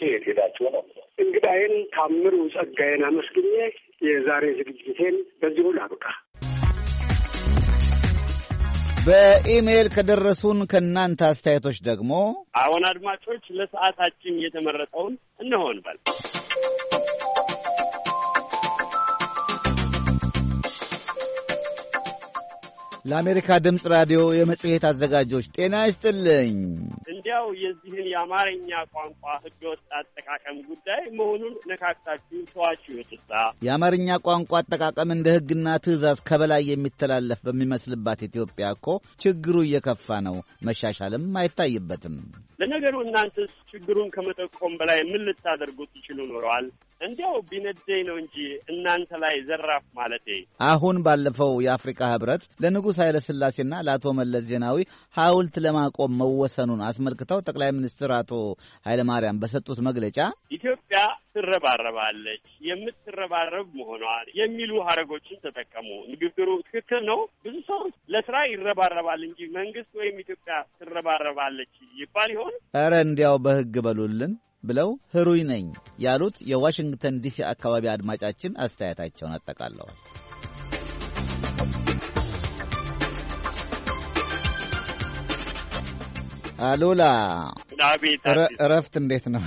ጥያቄ የሌላቸው ነው። እንግዳዬን ታምሩ ጸጋዬን አመስግኜ የዛሬ ዝግጅቴን በዚሁ ላብቃ። በኢሜይል ከደረሱን ከእናንተ አስተያየቶች ደግሞ አሁን አድማጮች ለሰዓታችን የተመረጠውን እንሆን ባል ለአሜሪካ ድምፅ ራዲዮ የመጽሔት አዘጋጆች ጤና ይስጥልኝ። እንዲያው የዚህን የአማርኛ ቋንቋ ህገወጥ አጠቃቀም ጉዳይ መሆኑን ነካክታችሁ ተዋችሁ ይወጥታ የአማርኛ ቋንቋ አጠቃቀም እንደ ህግና ትዕዛዝ ከበላይ የሚተላለፍ በሚመስልባት ኢትዮጵያ እኮ ችግሩ እየከፋ ነው፣ መሻሻልም አይታይበትም። ለነገሩ እናንተስ ችግሩን ከመጠቆም በላይ ምን ልታደርጉ ትችሉ ኖረዋል? እንዲያው ቢነደኝ ነው እንጂ እናንተ ላይ ዘራፍ ማለቴ። አሁን ባለፈው የአፍሪካ ህብረት ለንጉሥ ኃይለሥላሴና ለአቶ መለስ ዜናዊ ሐውልት ለማቆም መወሰኑን አስመልክተው ጠቅላይ ሚኒስትር አቶ ኃይለማርያም በሰጡት መግለጫ ኢትዮጵያ ትረባረባለች፣ የምትረባረብ መሆኗል የሚሉ ሀረጎችን ተጠቀሙ። ንግግሩ ትክክል ነው። ብዙ ሰው ለስራ ይረባረባል እንጂ መንግስት ወይም ኢትዮጵያ ትረባረባለች ይባል ይሆን? ኧረ እንዲያው በህግ በሉልን። ብለው ህሩይ ነኝ ያሉት የዋሽንግተን ዲሲ አካባቢ አድማጫችን አስተያየታቸውን አጠቃለዋል። አሉላ እረፍት እንዴት ነው?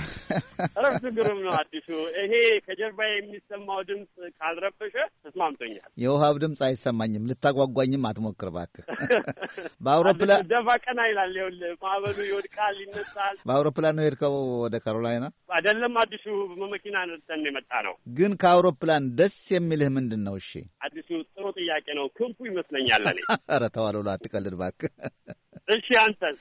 እረፍት ግሩም ነው። አዲሱ ይሄ ከጀርባ የሚሰማው ድምፅ ካልረበሸ ተስማምቶኛል። የውሃብ ድምፅ አይሰማኝም። ልታጓጓኝም አትሞክር እባክህ። በአውሮፕላን ደፋ ቀና ይላል። ይኸውልህ ማዕበሉ ይወድቃል፣ ይነሳል። በአውሮፕላን ነው የሄድከው ወደ ካሮላይና? አይደለም አዲሱ በመኪና ነርተን የመጣ ነው። ግን ከአውሮፕላን ደስ የሚልህ ምንድን ነው? እሺ አዲሱ ጥሩ ጥያቄ ነው። ክንፉ ይመስለኛል ኧረ ተው አሉላ አትቀልድ እባክህ። እሺ አንተስ?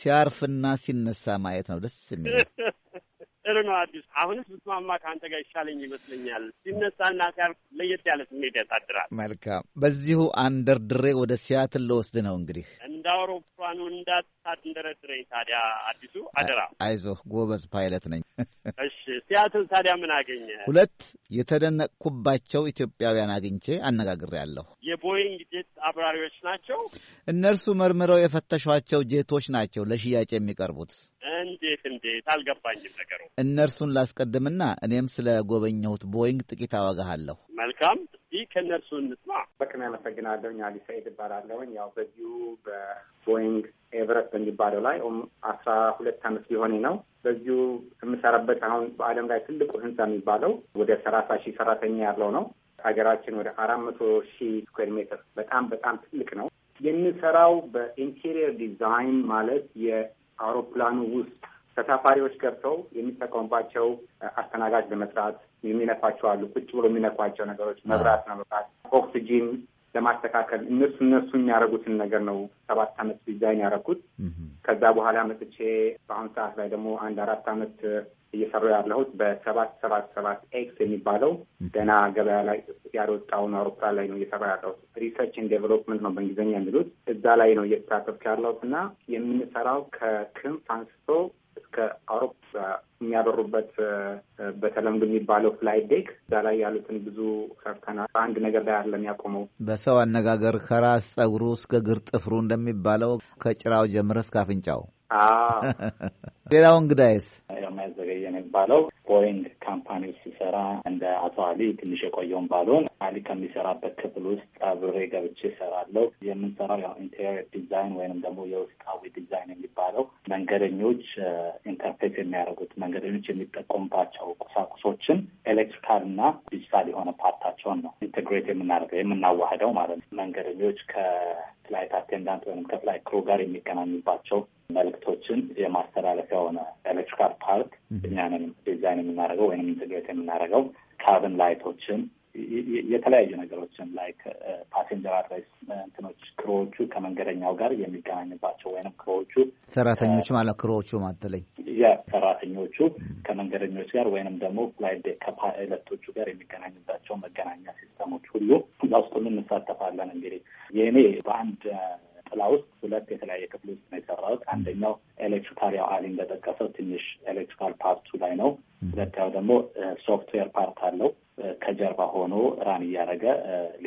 ሲያርፍና ሲነሳ ማየት ነው ደስ የሚለው። ጥሩ ነው አዲሱ። አሁንስ ብስማማ ከአንተ ጋር ይሻለኝ ይመስለኛል። ሲነሳና ሲያርፍ ለየት ያለ ስሜት ያሳድራል። መልካም። በዚሁ አንደርድሬ ወደ ሲያትል ልወስድ ነው እንግዲህ እንደ አውሮፓኑ እንዳታንደረድረኝ ታዲያ አዲሱ አደራ። አይዞህ ጎበዝ ፓይለት ነኝ። እሺ ሲያትል ታዲያ ምን አገኘ? ሁለት የተደነቅኩባቸው ኢትዮጵያውያን አግኝቼ አነጋግሬያለሁ። የቦይንግ ጄት አብራሪዎች ናቸው። እነርሱ መርምረው የፈተሿቸው ጄቶች ናቸው ለሽያጭ የሚቀርቡት። እንዴት እንዴት? አልገባኝም ነገሩ። እነርሱን ላስቀድምና እኔም ስለ ጎበኘሁት ቦይንግ ጥቂት አዋጋሃለሁ። መልካም እስቲ ከእነርሱ እንስማ። በቅድሚያ አመሰግናለሁ። አሊ ሰይድ እባላለሁኝ። ያው በዚሁ በቦይንግ ኤቨረስት በሚባለው ላይ አስራ ሁለት አመት ሊሆነኝ ነው። በዚሁ የምሰራበት አሁን በዓለም ላይ ትልቁ ህንፃ የሚባለው ወደ ሰላሳ ሺህ ሰራተኛ ያለው ነው። ሀገራችን ወደ አራት መቶ ሺህ ስኩዌር ሜትር በጣም በጣም ትልቅ ነው። የምሰራው በኢንቴሪየር ዲዛይን ማለት የአውሮፕላኑ ውስጥ ተሳፋሪዎች ገብተው የሚጠቀሙባቸው አስተናጋጅ በመስራት የሚነኳቸው አሉ። ቁጭ ብሎ የሚነኳቸው ነገሮች መብራት መብቃት፣ ኦክሲጂን ለማስተካከል እነሱ እነሱ የሚያደርጉትን ነገር ነው። ሰባት አመት ዲዛይን ያደረኩት ከዛ በኋላ መጥቼ በአሁኑ ሰዓት ላይ ደግሞ አንድ አራት አመት እየሰራሁ ያለሁት በሰባት ሰባት ሰባት ኤክስ የሚባለው ገና ገበያ ላይ ያልወጣውን አውሮፕላን ላይ ነው እየሰራሁ ያለሁት። ሪሰርች ኤንድ ዴቨሎፕመንት ነው በእንግሊዝኛ የሚሉት። እዛ ላይ ነው እየተሳተፍኩ ያለሁት እና የምንሰራው ከክንፍ አንስቶ እስከ አውሮፕ የሚያበሩበት በተለምዶ የሚባለው ፍላይ ዴክ እዛ ላይ ያሉትን ብዙ ሰርተናል። አንድ ነገር ላይ አለ የሚያቆመው በሰው አነጋገር ከራስ ጸጉሩ እስከ ግር ጥፍሩ እንደሚባለው ከጭራው ጀምረ እስከ አፍንጫው። ሌላው እንግዳይስ የሚባለው ቦይንግ ካምፓኒ ውስጥ ሲሰራ እንደ አቶ አሊ ትንሽ የቆየውን ባልሆን አሊ ከሚሰራበት ክፍል ውስጥ አብሬ ገብቼ እሰራለሁ። የምንሰራው ያው ኢንቴሪየር ዲዛይን ወይንም ደግሞ የውስጣዊ ዲዛይን የሚባለው መንገደኞች ኢንተርፌስ የሚያደርጉት መንገደኞች የሚጠቀሙባቸው ቁሳቁሶችን ኤሌክትሪካል እና ዲጂታል የሆነ ፓርታቸውን ነው ኢንቴግሬት የምናደርገው የምናዋህደው ማለት ነው። መንገደኞች ከ ፍላይት አቴንዳንት ወይም ከፍላይት ክሩ ጋር የሚገናኙባቸው መልእክቶችን የማስተላለፊያ የሆነ ኤሌክትሪካል ፓርክ እኛንን ዲዛይን የምናደርገው ወይም ኢንትግሬት የምናደርገው ካብን ላይቶችን የተለያዩ ነገሮችን ላይ ፓሴንጀር አድሬስ እንትኖች ክሮዎቹ ከመንገደኛው ጋር የሚገናኝባቸው ወይም ክሮዎቹ uh, ሰራተኞች ማለት ክሮዎቹ ማትለኝ ሰራተኞቹ ከመንገደኞች ጋር ወይንም ደግሞ ላይ ከፓይለቶቹ ጋር የሚገናኙባቸው መገናኛ ሲስተሞች ሁሉ እዛ ውስጥ ሁሉ እንሳተፋለን። እንግዲህ የእኔ በአንድ uh, ጥላ ውስጥ ሁለት የተለያየ ክፍል ውስጥ ነው የሰራሁት። አንደኛው ኤሌክትሪካል አሊ እንደጠቀሰው ትንሽ ኤሌክትሪካል ፓርቱ ላይ ነው። ሁለተኛው ደግሞ ሶፍትዌር ፓርት አለው ከጀርባ ሆኖ ራን እያደረገ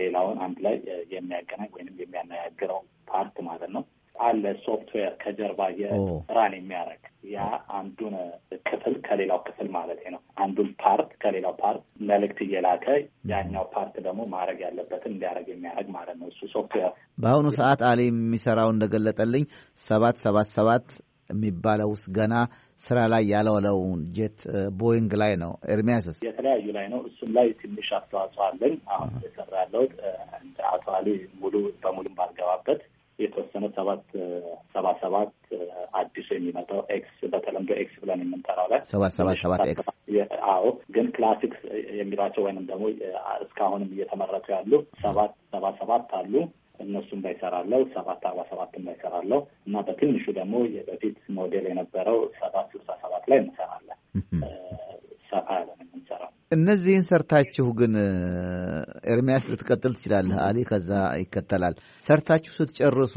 ሌላውን አንድ ላይ የሚያገናኝ ወይም የሚያነጋግረው ፓርት ማለት ነው። አለ ሶፍትዌር ከጀርባ የራን የሚያደርግ ያ አንዱን ክፍል ከሌላው ክፍል ማለት ነው። አንዱን ፓርት ከሌላው ፓርት መልእክት እየላከ ያኛው ፓርት ደግሞ ማድረግ ያለበትን እንዲያደርግ የሚያደርግ ማለት ነው። እሱ ሶፍትዌር በአሁኑ ሰዓት አሊ የሚሰራው እንደገለጠልኝ ሰባት ሰባት ሰባት የሚባለው ውስጥ ገና ስራ ላይ ያለውለውን ጄት ቦይንግ ላይ ነው። ኤርሚያስስ የተለያዩ ላይ ነው። እሱም ላይ ትንሽ አስተዋጽኦ አለኝ። አሁን የሰራ ያለው አቶ አሊ ሙሉ በሙሉም ባልገባበት የተወሰነ ሰባት ሰባ ሰባት አዲሱ የሚመጣው ኤክስ በተለምዶ ኤክስ ብለን የምንጠራው ላይ ሰባ ሰባ ሰባት ኤክስ አዎ፣ ግን ክላሲክስ የሚሏቸው ወይንም ደግሞ እስካሁንም እየተመረቱ ያሉ ሰባት ሰባ ሰባት አሉ። እነሱም ላይ ሰባት አርባ ሰባትም ላይ እና በትንሹ ደግሞ በፊት ሞዴል የነበረው ሰባት ስልሳ ሰባት ላይ እንሰራለን ሰፋ ያለ እነዚህን ሰርታችሁ ግን ኤርሚያስ ልትቀጥል ትችላለህ። አሊ ከዛ ይከተላል። ሰርታችሁ ስትጨርሱ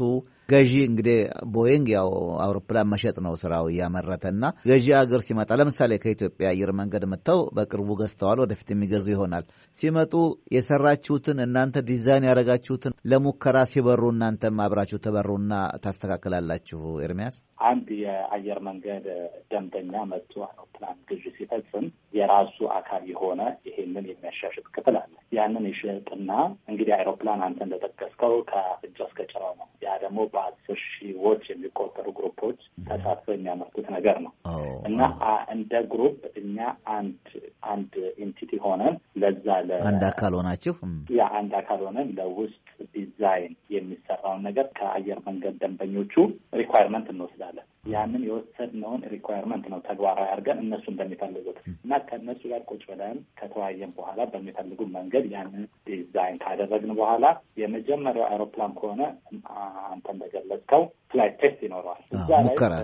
ገዢ እንግዲህ ቦይንግ ያው አውሮፕላን መሸጥ ነው ስራው እያመረተና ገዢ አገር ሲመጣ ለምሳሌ ከኢትዮጵያ አየር መንገድ መጥተው በቅርቡ ገዝተዋል፣ ወደፊት የሚገዙ ይሆናል። ሲመጡ የሰራችሁትን እናንተ ዲዛይን ያደረጋችሁትን ለሙከራ ሲበሩ እናንተም አብራችሁ ተበሩና ታስተካክላላችሁ። ኤርሚያስ፣ አንድ የአየር መንገድ ደንበኛ መጥቶ አውሮፕላን ግዢ ሲፈጽም የራሱ አካል የሆነ ይሄንን የሚያሻሽጥ ክፍል አለ። ያንን ይሸጥና እንግዲህ አይሮፕላን አንተ እንደጠቀስከው ከእጅ እስከ ጭራው ነው። ያ ደግሞ በአስር ሺዎች የሚቆጠሩ ግሩፖች ተሳትፎ የሚያመርቱት ነገር ነው እና እንደ ግሩፕ እኛ አንድ አንድ ኢንቲቲ ሆነን ለዛ ለአንድ አካል ሆናችሁ ያ አንድ አካል ሆነን ለውስጥ ዲዛይን የሚሰራውን ነገር ከአየር መንገድ ደንበኞቹ ሪኳየርመንት እንወስዳለን። ያንን የወሰድነውን ሪኳየርመንት ነው ተግባራዊ አድርገን እነሱ እንደሚፈልጉት እና ከእነሱ ጋር ቁጭ ብለን ከተወያየን በኋላ በሚፈልጉ መንገድ መንገድ ያንን ዲዛይን ካደረግን በኋላ የመጀመሪያው አይሮፕላን ከሆነ አንተ እንደገለጽከው ፍላይት ቴስት ይኖረዋል። እዛ ላይ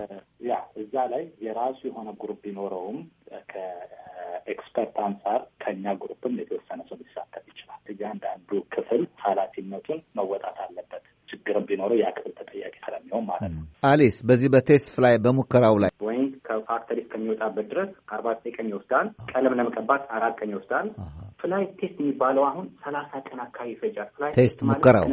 ያ እዛ ላይ የራሱ የሆነ ግሩፕ ቢኖረውም ከኤክስፐርት አንጻር ከኛ ግሩፕም የተወሰነ ሰው ሊሳተፍ ይችላል። እያንዳንዱ ክፍል ኃላፊነቱን መወጣት አለበት። ችግርም ቢኖረው ያ ክፍል ተጠያቂ ስለሚሆን ማለት ነው። አሊስ በዚህ በቴስት ላይ በሙከራው ላይ ወይም ከፋክተሪ እስከሚወጣበት ድረስ አርባ ዘጠኝ ቀን ይወስዳል። ቀለም ለመቀባት አራት ቀን ይወስዳል። ፍላይ ቴስት የሚባለው አሁን ሰላሳ ቀን አካባቢ ይፈጃል። ፍላይ ቴስት ሙከራው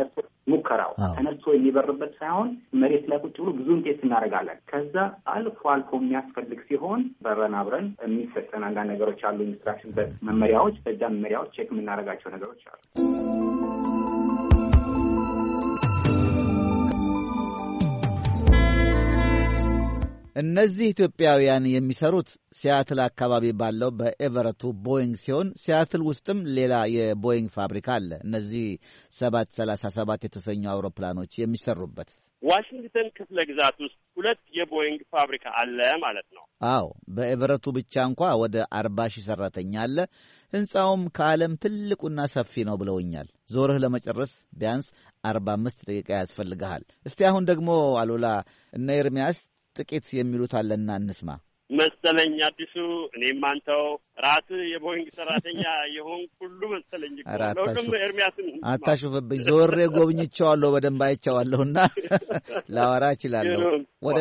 ሙከራው ተነስቶ የሚበርበት ሳይሆን መሬት ላይ ቁጭ ብሎ ብዙውን ቴስት እናደርጋለን። ከዛ አልፎ አልፎ የሚያስፈልግ ሲሆን በረን አብረን የሚሰጠን አንዳንድ ነገሮች አሉ። ኢንስትራክሽን መመሪያዎች፣ በዛ መመሪያዎች ቼክ የምናደርጋቸው ነገሮች አሉ። እነዚህ ኢትዮጵያውያን የሚሰሩት ሲያትል አካባቢ ባለው በኤቨረቱ ቦይንግ ሲሆን ሲያትል ውስጥም ሌላ የቦይንግ ፋብሪካ አለ። እነዚህ ሰባት ሰላሳ ሰባት የተሰኙ አውሮፕላኖች የሚሰሩበት ዋሽንግተን ክፍለ ግዛት ውስጥ ሁለት የቦይንግ ፋብሪካ አለ ማለት ነው። አዎ፣ በኤቨረቱ ብቻ እንኳ ወደ አርባ ሺህ ሰራተኛ አለ። ህንፃውም ከዓለም ትልቁና ሰፊ ነው ብለውኛል። ዞርህ ለመጨረስ ቢያንስ አርባ አምስት ደቂቃ ያስፈልግሃል። እስቲ አሁን ደግሞ አሉላ እነ ኤርሚያስ ጥቂት የሚሉት አለና እንስማ። መሰለኝ አዲሱ እኔም አንተው ራስ የቦይንግ ሰራተኛ የሆን ሁሉ መሰለኝ። ለሁሉም ኤርሚያስን አታሹፍብኝ። ዞሬ ጎብኝቸዋለሁ፣ በደንብ አይቸዋለሁና ላወራ እችላለሁ።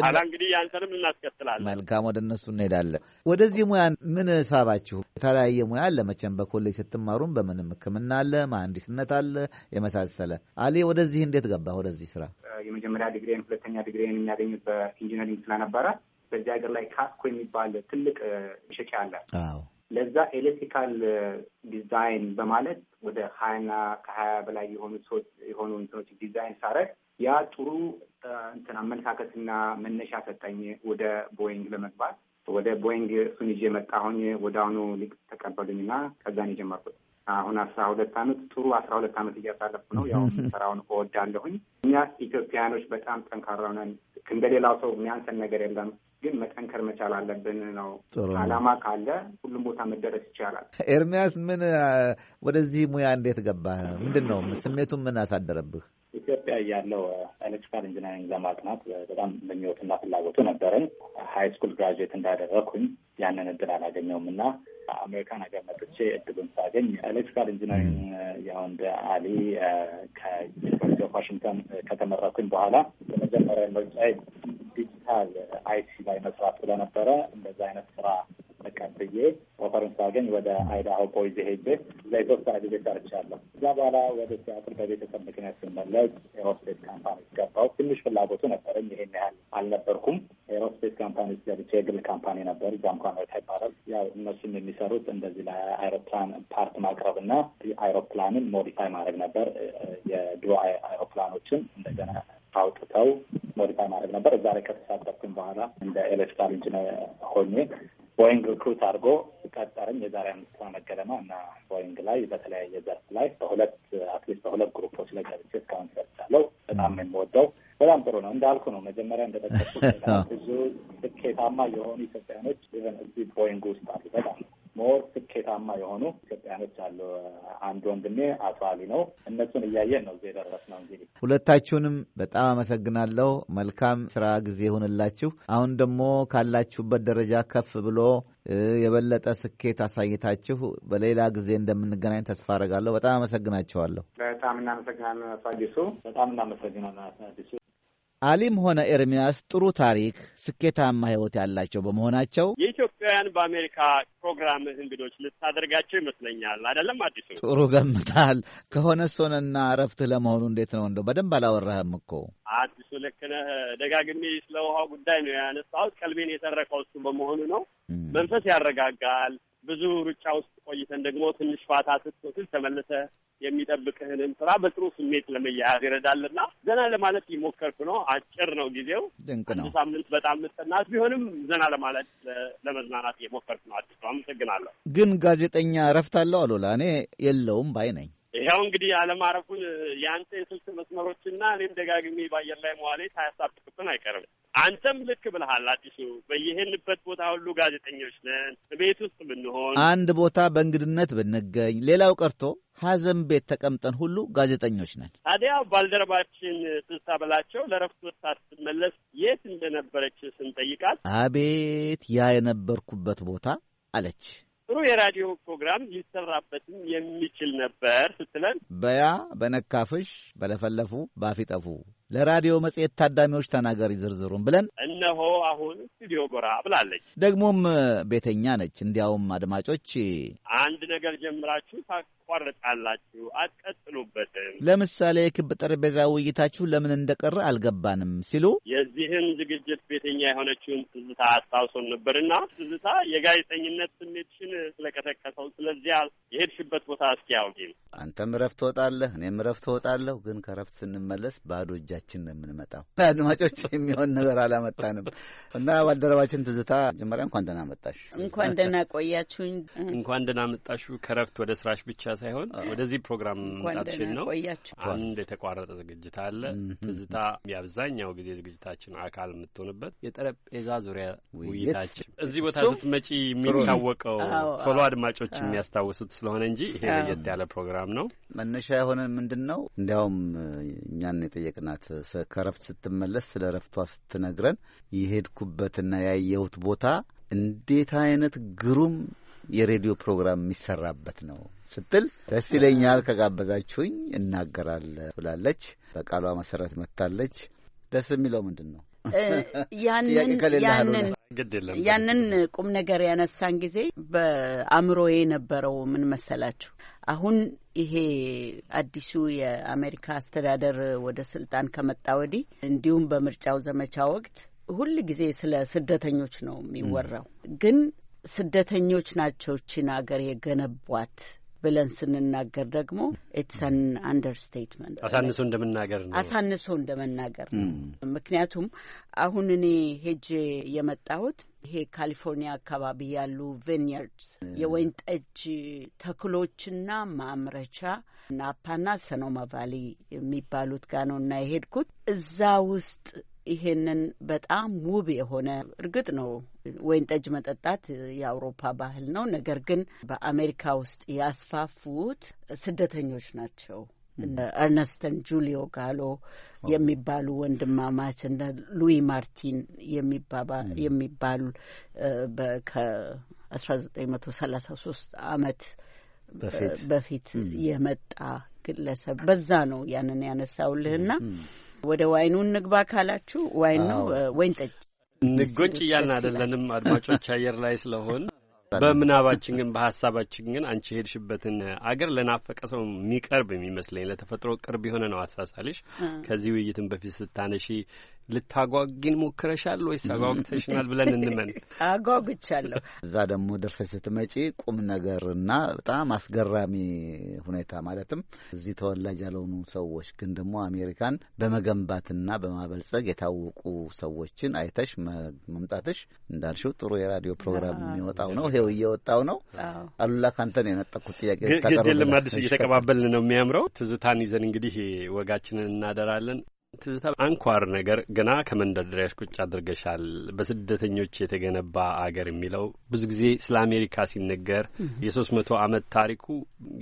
ኋላ እንግዲህ ያንተንም እናስከትላለን። መልካም፣ ወደ እነሱ እንሄዳለን። ወደዚህ ሙያ ምን ሳባችሁ? የተለያየ ሙያ አለ መቼም በኮሌጅ ስትማሩም፣ በምንም ህክምና አለ፣ መሀንዲስነት አለ የመሳሰለ አሌ። ወደዚህ እንዴት ገባ? ወደዚህ ስራ የመጀመሪያ ዲግሪን ሁለተኛ ዲግሪን የሚያገኙት በኢንጂነሪንግ ስለነበረ በዚህ ሀገር ላይ ካስኮ የሚባል ትልቅ ሸቂ አለ። ለዛ ኤሌክትሪካል ዲዛይን በማለት ወደ ሀያና ከሀያ በላይ የሆኑ ሰዎች የሆኑ እንትኖች ዲዛይን ሳረግ ያ ጥሩ እንትን አመለካከትና መነሻ ሰጠኝ ወደ ቦይንግ ለመግባት። ወደ ቦይንግ እሱን ይዤ መጣሁኝ። ወደ አሁኑ ሊቅ ተቀበሉኝ ተቀበሉኝና ከዛን የጀመርኩት አሁን አስራ ሁለት አመት ጥሩ አስራ ሁለት አመት እያሳለፍኩ ነው። ያው ስራውን እወዳለሁኝ። እኛ ኢትዮጵያውያኖች በጣም ጠንካራ ነን። እንደሌላው ሰው የሚያንሰን ነገር የለም። ግን መጠንከር መቻል አለብን ነው። አላማ ካለ ሁሉም ቦታ መደረስ ይቻላል። ኤርሚያስ፣ ምን ወደዚህ ሙያ እንዴት ገባ? ምንድን ነው ስሜቱን ምን አሳደረብህ? ኢትዮጵያ እያለው ኤሌክትሪካል ኢንጂነሪንግ ለማጥናት በጣም ምኞትና ፍላጎቱ ነበረኝ። ሀይ ስኩል ግራጁዌት እንዳደረግኩኝ ያንን እድል አላገኘውም እና አሜሪካን ሀገር መጥቼ እድሉን ሳገኝ ኤሌክትሪካል ኢንጂነሪንግ ያው እንደ አሊ ከዩኒቨርሲቲ ኦፍ ዋሽንግተን ከተመረኩኝ በኋላ በመጀመሪያ ምርጫ ዲጂታል አይቲ ላይ መስራት ስለነበረ እንደዛ አይነት ስራ ተቀብዬ ኦፈረንስ ሳገኝ ወደ አይዳሆ ቦይዝ ሄጄ ለሶስት ጊዜ ሰርቻለሁ። እዛ በኋላ ወደ ቲያትር በቤተሰብ ምክንያት ስመለስ ኤሮስፔስ ካምፓኒ ገባሁ። ትንሽ ፍላጎቱ ነበረኝ፣ ይሄን ያህል አልነበርኩም። ኤሮስፔስ ካምፓኒ ገብቼ የግል ካምፓኒ ነበር፣ ጃምኳኖታ ይባላል። ያው እነሱም የሚሰሩት እንደዚህ ለአይሮፕላን ፓርት ማቅረብ እና አይሮፕላንን ሞዲፋይ ማድረግ ነበር። የድሮ አይሮፕላኖችን እንደገና አውጥተው ሞዲፋይ ማድረግ ነበር። እዛ ላይ ከተሳተፍኩኝ በኋላ እንደ ኤሌክትራል ኢንጂነር ሆኜ ቦይንግ ሪክሩት አድርጎ ቀጠረኝ። የዛሬ አምስት ዓመት ገደማ እና ቦይንግ ላይ በተለያየ ዘርፍ ላይ በሁለት አትሊስት በሁለት ግሩፖች ላይ ገብቼ እስካሁን ሰርቻለሁ። በጣም የምወደው በጣም ጥሩ ነው። እንዳልኩ ነው መጀመሪያ እንደጠቀሱ ብዙ ስኬታማ የሆኑ ኢትዮጵያኖች ኢቨን እዚህ ቦይንግ ውስጥ አሉ። በጣም ሞር ስኬታማ የሆኑ ኢትዮጵያኖች አሉ። አንድ ወንድሜ አቶ አሊ ነው። እነሱን እያየን ነው እዚህ የደረስነው። እንግዲህ ሁለታችሁንም በጣም አመሰግናለሁ። መልካም ስራ ጊዜ ይሁንላችሁ። አሁን ደግሞ ካላችሁበት ደረጃ ከፍ ብሎ የበለጠ ስኬት አሳይታችሁ በሌላ ጊዜ እንደምንገናኝ ተስፋ አረጋለሁ። በጣም አመሰግናችኋለሁ። በጣም እናመሰግናለን አዲሱ። በጣም እናመሰግናለን አዲሱ። አሊም ሆነ ኤርሚያስ ጥሩ ታሪክ፣ ስኬታማ ህይወት ያላቸው በመሆናቸው የኢትዮጵያውያን በአሜሪካ ፕሮግራም እንግዶች ልታደርጋቸው ይመስለኛል። አይደለም? አዲሱ ጥሩ ገምታል። ከሆነ ሶነና እረፍትህ ለመሆኑ እንዴት ነው? እንደው በደንብ አላወራህም እኮ አዲሱ። ልክ ነህ። ደጋግሜ ስለ ውሃው ጉዳይ ነው ያነሳሁት። ቀልቤን የተረፈው እሱ በመሆኑ ነው። መንፈስ ያረጋጋል። ብዙ ሩጫ ውስጥ ቆይተን ደግሞ ትንሽ ፋታ ስትወስድ ተመልሰህ የሚጠብቅህንም ስራ በጥሩ ስሜት ለመያያዝ ይረዳልና ዘና ለማለት ይሞከርኩ ነው። አጭር ነው ጊዜው፣ ድንቅ ነው። ሳምንት በጣም ምጥናት ቢሆንም ዘና ለማለት ለመዝናናት የሞከርኩ ነው። አዲሱ አመሰግናለሁ። ግን ጋዜጠኛ እረፍት አለው አሉላ? እኔ የለውም ባይ ነኝ። ይኸው እንግዲህ አለማረፉን የአንተ የስልክ መስመሮችና እኔም ደጋግሜ በአየር ላይ መዋሌ ሳያሳብቅብን አይቀርም። አንተም ልክ ብልሃል አዲሱ። በየሄንበት ቦታ ሁሉ ጋዜጠኞች ነን። ቤት ውስጥ ብንሆን፣ አንድ ቦታ በእንግድነት ብንገኝ፣ ሌላው ቀርቶ ሀዘን ቤት ተቀምጠን ሁሉ ጋዜጠኞች ነን። ታዲያ ባልደረባችን ትዝታ በላቸው ለረፍት ወጥታ ስትመለስ የት እንደነበረች ስንጠይቃት አቤት ያ የነበርኩበት ቦታ አለች። ጥሩ የራዲዮ ፕሮግራም ሊሰራበትም የሚችል ነበር ስትለን በያ በነካፍሽ በለፈለፉ ባፊጠፉ ለራዲዮ መጽሔት ታዳሚዎች ተናገሪ ዝርዝሩን ብለን እነሆ አሁን ስቱዲዮ ጎራ ብላለች። ደግሞም ቤተኛ ነች። እንዲያውም አድማጮች አንድ ነገር ጀምራችሁ ታቋርጣላችሁ፣ አትቀጥሉበትም። ለምሳሌ የክብ ጠረጴዛ ውይይታችሁ ለምን እንደቀረ አልገባንም ሲሉ የዚህም ዝግጅት ቤተኛ የሆነችውን ትዝታ አስታውሶን ነበርና ትዝታ የጋዜጠኝነት ስሜትሽን ስለቀሰቀሰው ስለዚያ የሄድሽበት ቦታ እስኪ አውጊም። አንተም እረፍት ትወጣለህ፣ እኔም እረፍት ትወጣለሁ። ግን ከእረፍት ስንመለስ ባዶ እጃ እጃችን ነው የምንመጣው። አድማጮች የሚሆን ነገር አላመጣንም እና ባልደረባችን ትዝታ መጀመሪያ እንኳን ደህና መጣሽ፣ እንኳን ደህና ቆያችሁኝ፣ እንኳን ደህና መጣሹ። ከረፍት ወደ ስራሽ ብቻ ሳይሆን ወደዚህ ፕሮግራም መምጣትሽን ነው። አንድ የተቋረጠ ዝግጅት አለ። ትዝታ የአብዛኛው ጊዜ ዝግጅታችን አካል የምትሆንበት የጠረጴዛ ዙሪያ ውይይታችን እዚህ ቦታ ስትመጪ የሚታወቀው ቶሎ አድማጮች የሚያስታውሱት ስለሆነ እንጂ ይሄ ለየት ያለ ፕሮግራም ነው። መነሻ የሆነን ምንድን ነው እንዲያውም እኛን የጠየቅናት ከረፍት ስትመለስ ስለ ረፍቷ ስትነግረን የሄድኩበትና ያየሁት ቦታ እንዴት አይነት ግሩም የሬዲዮ ፕሮግራም የሚሰራበት ነው ስትል ደስ ይለኛል፣ ከጋበዛችሁኝ እናገራል ብላለች። በቃሏ መሰረት መታለች። ደስ የሚለው ምንድን ነው? ያንን ያንን ቁም ነገር ያነሳን ጊዜ በአእምሮዬ የነበረው ምን መሰላችሁ? አሁን ይሄ አዲሱ የአሜሪካ አስተዳደር ወደ ስልጣን ከመጣ ወዲህ እንዲሁም በምርጫው ዘመቻ ወቅት ሁል ጊዜ ስለ ስደተኞች ነው የሚወራው። ግን ስደተኞች ናቸው ይህችን አገር የገነቧት ብለን ስንናገር ደግሞ ኢትሰን አንደርስቴትመንት አሳንሶ እንደመናገር ነው አሳንሶ እንደመናገር ነው። ምክንያቱም አሁን እኔ ሄጄ የመጣሁት ይሄ ካሊፎርኒያ አካባቢ ያሉ ቪንያርድስ የወይን ጠጅ ተክሎችና ማምረቻ ናፓና ሰኖማ ቫሊ የሚባሉት ጋ ነው እና የሄድኩት እዛ ውስጥ ይሄንን በጣም ውብ የሆነ እርግጥ ነው ወይን ጠጅ መጠጣት የአውሮፓ ባህል ነው። ነገር ግን በአሜሪካ ውስጥ ያስፋፉት ስደተኞች ናቸው። እርነስተን ጁሊዮ ጋሎ የሚባሉ ወንድማማች እነ ሉዊ ማርቲን የሚባሉ ከ ዘጠኝ መቶ አመት በፊት የመጣ ግለሰብ በዛ ነው ያንን ያነሳውልህና ወደ ዋይኑ እንግባ ካላችሁ ዋይን ነው ወይን ጠጅ ንጎጭ እያልን አይደለንም አድማጮች፣ አየር ላይ ስለሆን በምናባችን ግን በሀሳባችን ግን አንቺ ሄድሽበትን አገር ለናፈቀ ሰው የሚቀርብ የሚመስለኝ ለተፈጥሮ ቅርብ የሆነ ነው አሳሳልሽ። ከዚህ ውይይትን በፊት ስታነሺ ልታጓጊን ሞክረሻል ወይስ አጓጉተሽናል ብለን እንመን? አጓጉቻለሁ። እዛ ደግሞ ደርሰሽ ስትመጪ ቁም ነገርና በጣም አስገራሚ ሁኔታ ማለትም እዚህ ተወላጅ ያልሆኑ ሰዎች ግን ደግሞ አሜሪካን በመገንባትና በማበልጸግ የታወቁ ሰዎችን አይተሽ መምጣትሽ እንዳልሽው ጥሩ የራዲዮ ፕሮግራም የሚወጣው ነው። ይሄው እየወጣው ነው። አሉላ ካንተን ነው ጥያቄ ታቀርብ። አዲሱ እየተቀባበልን ነው የሚያምረው። ትዝታን ይዘን እንግዲህ ወጋችንን እናደራለን። ትዝታ አንኳር ነገር ገና ከመንደርደሪያሽ ቁጭ አድርገሻል። በስደተኞች የተገነባ አገር የሚለው ብዙ ጊዜ ስለ አሜሪካ ሲነገር የሶስት መቶ አመት ታሪኩ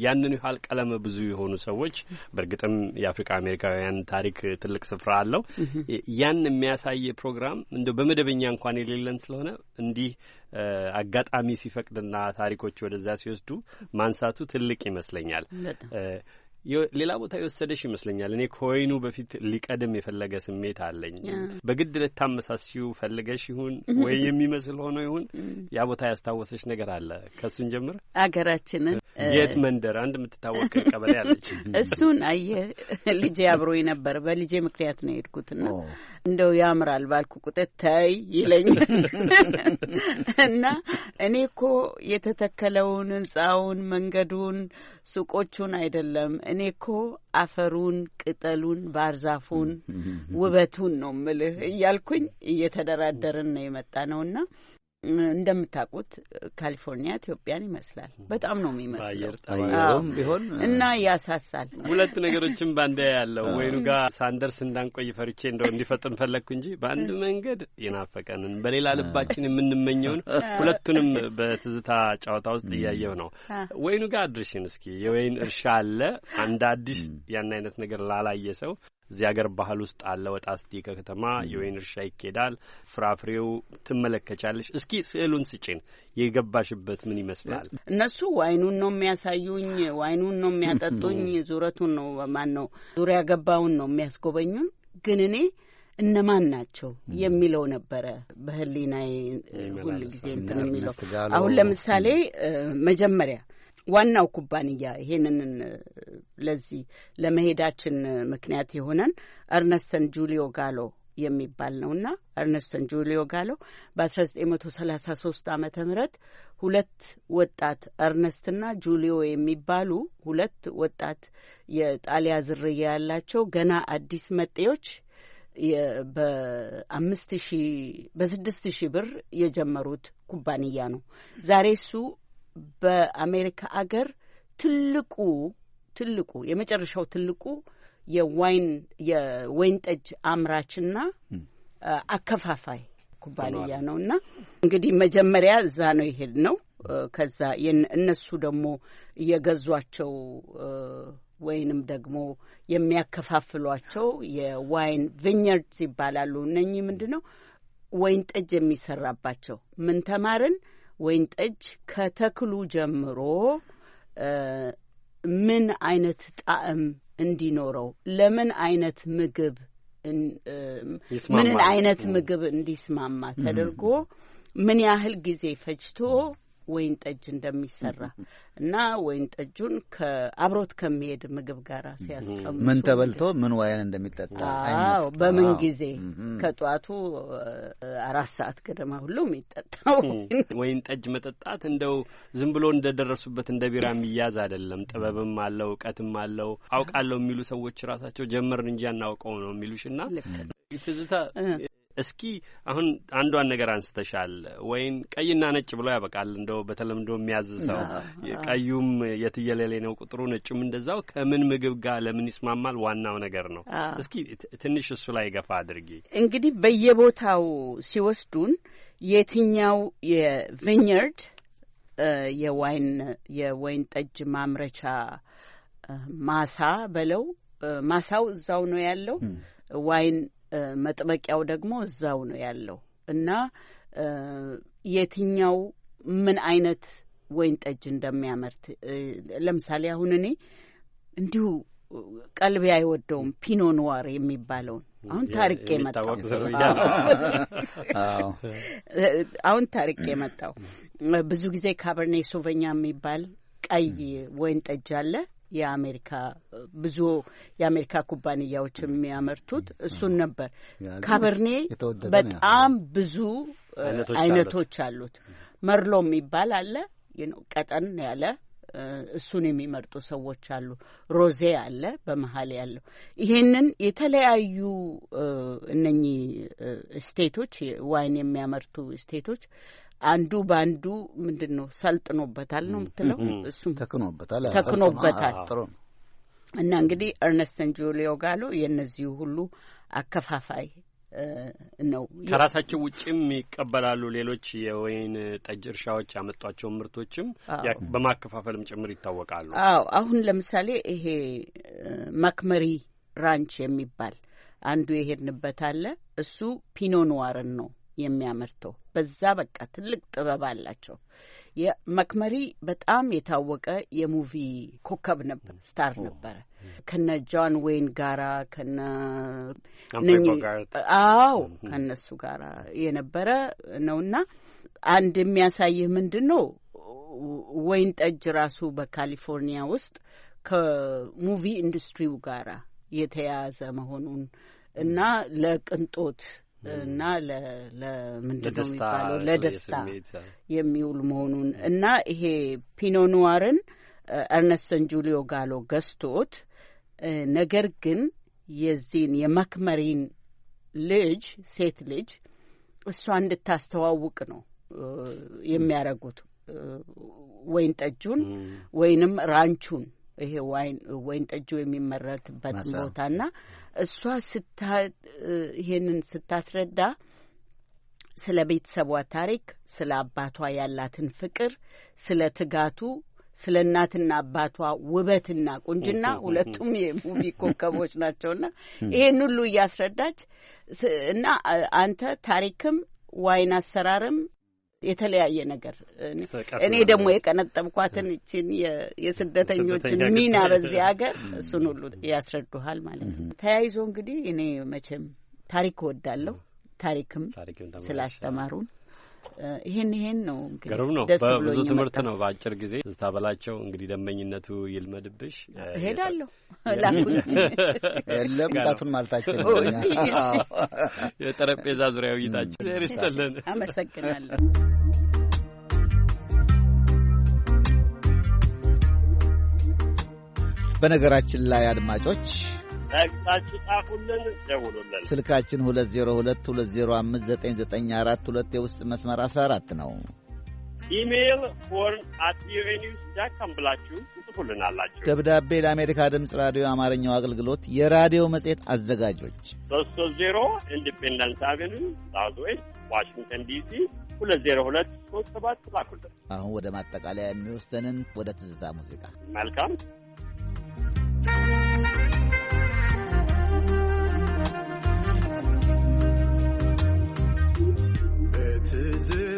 ያንን ያህል ቀለመ ብዙ የሆኑ ሰዎች በእርግጥም የአፍሪካ አሜሪካውያን ታሪክ ትልቅ ስፍራ አለው። ያን የሚያሳይ ፕሮግራም እንደ በመደበኛ እንኳን የሌለን ስለሆነ እንዲህ አጋጣሚ ሲፈቅድና ታሪኮች ወደዛ ሲወስዱ ማንሳቱ ትልቅ ይመስለኛል። ሌላ ቦታ የወሰደሽ ይመስለኛል። እኔ ከወይኑ በፊት ሊቀድም የፈለገ ስሜት አለኝ። በግድ ልታመሳሲው ፈልገሽ ይሁን ወይ የሚመስል ሆኖ ይሁን ያ ቦታ ያስታወሰች ነገር አለ። ከእሱን ጀምር አገራችንን የት መንደር አንድ የምትታወቅ ቀበሌ አለች። እሱን አየህ ልጄ አብሮ ነበር። በልጄ ምክንያት ነው የሄድኩትና እንደው ያምራል ባልኩ ቁጥር ተይ ይለኛል እና እኔ እኮ የተተከለውን ህንፃውን መንገዱን፣ ሱቆቹን አይደለም እኔ እኮ አፈሩን፣ ቅጠሉን፣ ባርዛፉን፣ ውበቱን ነው ምልህ እያልኩኝ እየተደራደርን ነው የመጣ ነውና እንደምታውቁት ካሊፎርኒያ ኢትዮጵያን ይመስላል። በጣም ነው የሚመስለው ቢሆን እና ያሳሳል። ሁለት ነገሮችን በአንድ ያለው ወይኑ ጋር ሳንደርስ እንዳንቆይ ፈርቼ እንደው እንዲፈጥን ፈለግኩ እንጂ በአንድ መንገድ የናፈቀንን በሌላ ልባችን የምንመኘውን ሁለቱንም በትዝታ ጨዋታ ውስጥ እያየው ነው። ወይኑ ጋር አድርሽን እስኪ የወይን እርሻ አለ አንድ አዲስ ያን አይነት ነገር ላላየ ሰው እዚያ ሀገር ባህል ውስጥ አለ። ወጣ ስቲ ከከተማ የወይን እርሻ ይኬዳል። ፍራፍሬው ትመለከቻለሽ። እስኪ ስዕሉን ስጭን። የገባሽበት ምን ይመስላል? እነሱ ዋይኑን ነው የሚያሳዩኝ፣ ዋይኑን ነው የሚያጠጡኝ፣ ዙረቱን ነው ማን ነው ዙሪያ ገባውን ነው የሚያስጎበኙን። ግን እኔ እነማን ናቸው የሚለው ነበረ በህሊናዬ ሁል ጊዜ እንትን የሚለው አሁን ለምሳሌ መጀመሪያ ዋናው ኩባንያ ይሄንን ለዚህ ለመሄዳችን ምክንያት የሆነን እርነስተን ጁሊዮ ጋሎ የሚባል ነውና እርነስተን ጁሊዮ ጋሎ በ1933 ዓመተ ምህረት ሁለት ወጣት እርነስትና ጁሊዮ የሚባሉ ሁለት ወጣት የጣሊያ ዝርያ ያላቸው ገና አዲስ መጤዎች በአምስት ሺ በስድስት ሺ ብር የጀመሩት ኩባንያ ነው። ዛሬ እሱ በአሜሪካ አገር ትልቁ ትልቁ የመጨረሻው ትልቁ የዋይን የወይን ጠጅ አምራችና አከፋፋይ ኩባንያ ነው እና እንግዲህ መጀመሪያ እዛ ነው የሄድ ነው። ከዛ እነሱ ደግሞ የገዟቸው ወይንም ደግሞ የሚያከፋፍሏቸው የዋይን ቪኛርድስ ይባላሉ። እነኚህ ምንድን ነው ወይን ጠጅ የሚሰራባቸው ምን ተማርን? ወይን ጠጅ ከተክሉ ጀምሮ ምን አይነት ጣዕም እንዲኖረው ለምን አይነት ምግብ ምንን አይነት ምግብ እንዲስማማ ተደርጎ ምን ያህል ጊዜ ፈጅቶ ወይን ጠጅ እንደሚሰራ እና ወይን ጠጁን ከአብሮት ከሚሄድ ምግብ ጋር ሲያስቀምጡ ምን ተበልቶ ምን ዋይን እንደሚጠጣ አዎ፣ በምን ጊዜ ከጠዋቱ አራት ሰዓት ገደማ ሁሉ የሚጠጣው ወይን ጠጅ መጠጣት እንደው ዝም ብሎ እንደደረሱበት እንደ ቢራ የሚያዝ አይደለም። ጥበብም አለው፣ እውቀትም አለው። አውቃለሁ የሚሉ ሰዎች ራሳቸው ጀመርን እንጂ አናውቀው ነው የሚሉሽ ትዝታ እስኪ አሁን አንዷን ነገር አንስተሻል። ወይን ቀይና ነጭ ብሎ ያበቃል። እንደው በተለምዶ የሚያዝ ሰው ቀዩም የትየለሌ ነው ቁጥሩ፣ ነጩም እንደዛው። ከምን ምግብ ጋር ለምን ይስማማል ዋናው ነገር ነው። እስኪ ትንሽ እሱ ላይ ገፋ አድርጊ። እንግዲህ በየቦታው ሲወስዱን የትኛው የቪኛርድ የዋይን የወይን ጠጅ ማምረቻ ማሳ በለው ማሳው እዛው ነው ያለው። ዋይን መጥበቂያው ደግሞ እዛው ነው ያለው እና የትኛው ምን አይነት ወይን ጠጅ እንደሚያመርት ለምሳሌ አሁን እኔ እንዲሁ ቀልቤ አይወደውም ፒኖ ኑዋር የሚባለውን አሁን ታርቄ የመጣው አሁን ታርቄ የመጣው ብዙ ጊዜ ካበርኔ ሶቨኛ የሚባል ቀይ ወይን ጠጅ አለ። የአሜሪካ ብዙ የአሜሪካ ኩባንያዎች የሚያመርቱት እሱን ነበር። ካበርኔ በጣም ብዙ አይነቶች አሉት። መርሎ የሚባል አለ፣ ቀጠን ያለ እሱን የሚመርጡ ሰዎች አሉ። ሮዜ አለ፣ በመሀል ያለው ይሄንን የተለያዩ እነኚህ ስቴቶች ዋይን የሚያመርቱ ስቴቶች አንዱ በአንዱ ምንድን ነው ሰልጥኖበታል ነው የምትለው፣ እሱም ተክኖበታል ተክኖበታል። እና እንግዲህ ኤርነስተን ጁሊዮ ጋሎ የእነዚሁ ሁሉ አከፋፋይ ነው። ከራሳቸው ውጭም ይቀበላሉ። ሌሎች የወይን ጠጅ እርሻዎች ያመጧቸውን ምርቶችም በማከፋፈልም ጭምር ይታወቃሉ። አዎ፣ አሁን ለምሳሌ ይሄ ማክመሪ ራንች የሚባል አንዱ የሄድንበት አለ። እሱ ፒኖ ኑዋርን ነው የሚያመርተው። በዛ በቃ ትልቅ ጥበብ አላቸው። መክመሪ በጣም የታወቀ የሙቪ ኮከብ ነበር፣ ስታር ነበረ። ከነ ጆን ዌይን ጋራ ከነ አዎ ከነሱ ጋራ የነበረ ነውና አንድ የሚያሳይህ ምንድን ነው ወይን ጠጅ ራሱ በካሊፎርኒያ ውስጥ ከሙቪ ኢንዱስትሪው ጋራ የተያያዘ መሆኑን እና ለቅንጦት እና ለምንድን ነው የሚባለው ለደስታ የሚውል መሆኑን እና ይሄ ፒኖ ኑዋርን ጁሊዮ ሰንጁሊዮ ጋሎ ገዝቶት ነገር ግን የዚህን የመክመሪን ልጅ ሴት ልጅ እሷ እንድታስተዋውቅ ነው የሚያደርጉት ወይን ጠጁን ወይንም ራንቹን ይሄ ዋይን ወይን ጠጁ የሚመረትበት ና እሷ ስታ ይሄንን ስታስረዳ ስለ ቤተሰቧ ታሪክ፣ ስለ አባቷ ያላትን ፍቅር፣ ስለ ትጋቱ ስለ እናትና አባቷ ውበትና ቁንጅና ሁለቱም የሙቪ ኮከቦች ናቸውና ይሄን ሁሉ እያስረዳች እና አንተ ታሪክም ዋይን አሰራርም የተለያየ ነገር እኔ ደግሞ የቀነጠብኳትን እችን የስደተኞችን ሚና በዚህ ሀገር እሱን ሁሉ ያስረዱሃል ማለት ነው። ተያይዞ እንግዲህ እኔ መቼም ታሪክ እወዳለሁ። ታሪክም ስላስተማሩን ይሄን ይሄን ነው እንግዲህ ገሩም ነው። በብዙ ትምህርት ነው በአጭር ጊዜ ስታበላቸው። እንግዲህ ደመኝነቱ ይልመድብሽ። እሄዳለሁ ለምጣቱን ማለታችን የጠረጴዛ ዙሪያ ውይይታችን ርስተለን አመሰግናለሁ። በነገራችን ላይ አድማጮች ጠቅሳችሁ ጻፉልን፣ ደውሉልን። ስልካችን 202 2059942 ሁለት የውስጥ መስመር አስራ አራት ነው። ኢሜይል ሆርን አት ቪኦኤ ኒውስ ዳት ካም ብላችሁ ትጽፉልናላችሁ። ደብዳቤ ለአሜሪካ ድምፅ ራዲዮ አማርኛው አገልግሎት የራዲዮ መጽሔት አዘጋጆች ሶስት ሶስት ዜሮ ኢንዲፔንደንስ አቬኒው ሳውዝ ዌስት ዋሽንግተን ዲሲ ሁለት ዜሮ ሁለት ሶስት ሰባት ላኩልን። አሁን ወደ ማጠቃለያ የሚወስደንን ወደ ትዝታ ሙዚቃ መልካም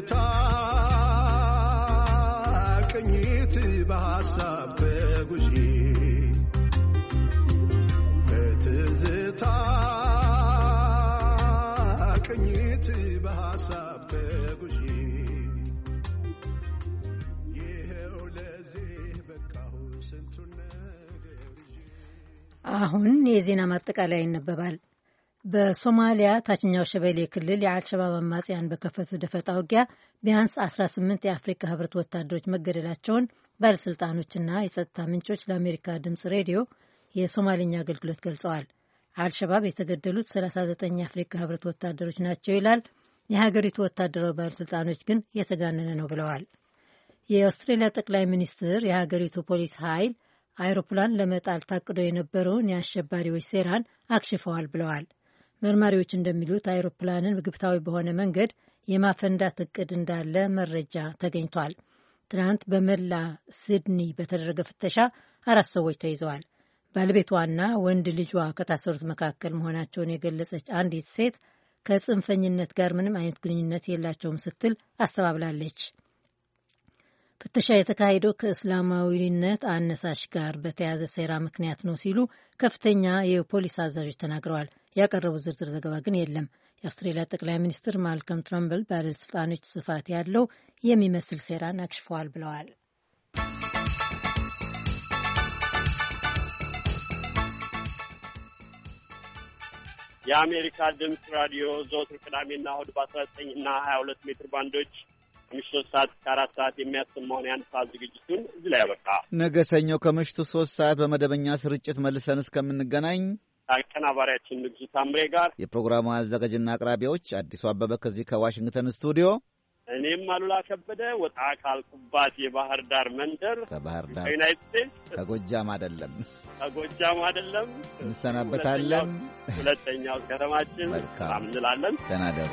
እይታ ቅኝት በሐሳብ ተጉዢ ቅኝት በሐሳብ ተጉዢ ይኸው ለዚህ በቃሁ ስንቱን ነገር። አሁን የዜና ማጠቃለያ ይነበባል። በሶማሊያ ታችኛው ሸበሌ ክልል የአልሸባብ አማጽያን በከፈቱ ደፈጣ ውጊያ ቢያንስ 18 የአፍሪካ ህብረት ወታደሮች መገደላቸውን ባለሥልጣኖችና የጸጥታ ምንጮች ለአሜሪካ ድምፅ ሬዲዮ የሶማሌኛ አገልግሎት ገልጸዋል። አልሸባብ የተገደሉት 39 የአፍሪካ ህብረት ወታደሮች ናቸው ይላል። የሀገሪቱ ወታደራዊ ባለሥልጣኖች ግን የተጋነነ ነው ብለዋል። የአውስትሬልያ ጠቅላይ ሚኒስትር የሀገሪቱ ፖሊስ ኃይል አይሮፕላን ለመጣል ታቅዶ የነበረውን የአሸባሪዎች ሴራን አክሽፈዋል ብለዋል። መርማሪዎች እንደሚሉት አይሮፕላንን ግብታዊ በሆነ መንገድ የማፈንዳት እቅድ እንዳለ መረጃ ተገኝቷል። ትናንት በመላ ሲድኒ በተደረገ ፍተሻ አራት ሰዎች ተይዘዋል። ባለቤቷና ወንድ ልጇ ከታሰሩት መካከል መሆናቸውን የገለጸች አንዲት ሴት ከጽንፈኝነት ጋር ምንም አይነት ግንኙነት የላቸውም ስትል አስተባብላለች። ፍተሻ የተካሄደው ከእስላማዊነት አነሳሽ ጋር በተያያዘ ሴራ ምክንያት ነው ሲሉ ከፍተኛ የፖሊስ አዛዦች ተናግረዋል። ያቀረበው ዝርዝር ዘገባ ግን የለም። የአውስትሬልያ ጠቅላይ ሚኒስትር ማልከም ትረምብል ባለስልጣኖች ስፋት ያለው የሚመስል ሴራን አክሽፈዋል ብለዋል። የአሜሪካ ድምፅ ራዲዮ ዘወትር ቅዳሜና እሑድ በአስራ ዘጠኝ እና ሀያ ሁለት ሜትር ባንዶች ከምሽቱ ሶስት ሰዓት እስከ አራት ሰዓት የሚያሰማውን የአንድ ሰዓት ዝግጅቱን እዚህ ላይ ያበቃ። ነገ ሰኞ ከምሽቱ ሶስት ሰዓት በመደበኛ ስርጭት መልሰን እስከምንገናኝ አቀናባሪያችን ንጉሱ ታምሬ ጋር የፕሮግራሙ አዘጋጅና አቅራቢዎች አዲሱ አበበ ከዚህ ከዋሽንግተን ስቱዲዮ እኔም አሉላ ከበደ ወጣ ካልኩባት የባህር ዳር መንደር ከባህር ዳር ከዩናይት ስቴትስ ከጎጃም አይደለም ከጎጃም አይደለም እንሰናበታለን። ሁለተኛው ከተማችን ሰላም እንላለን። ተናደሩ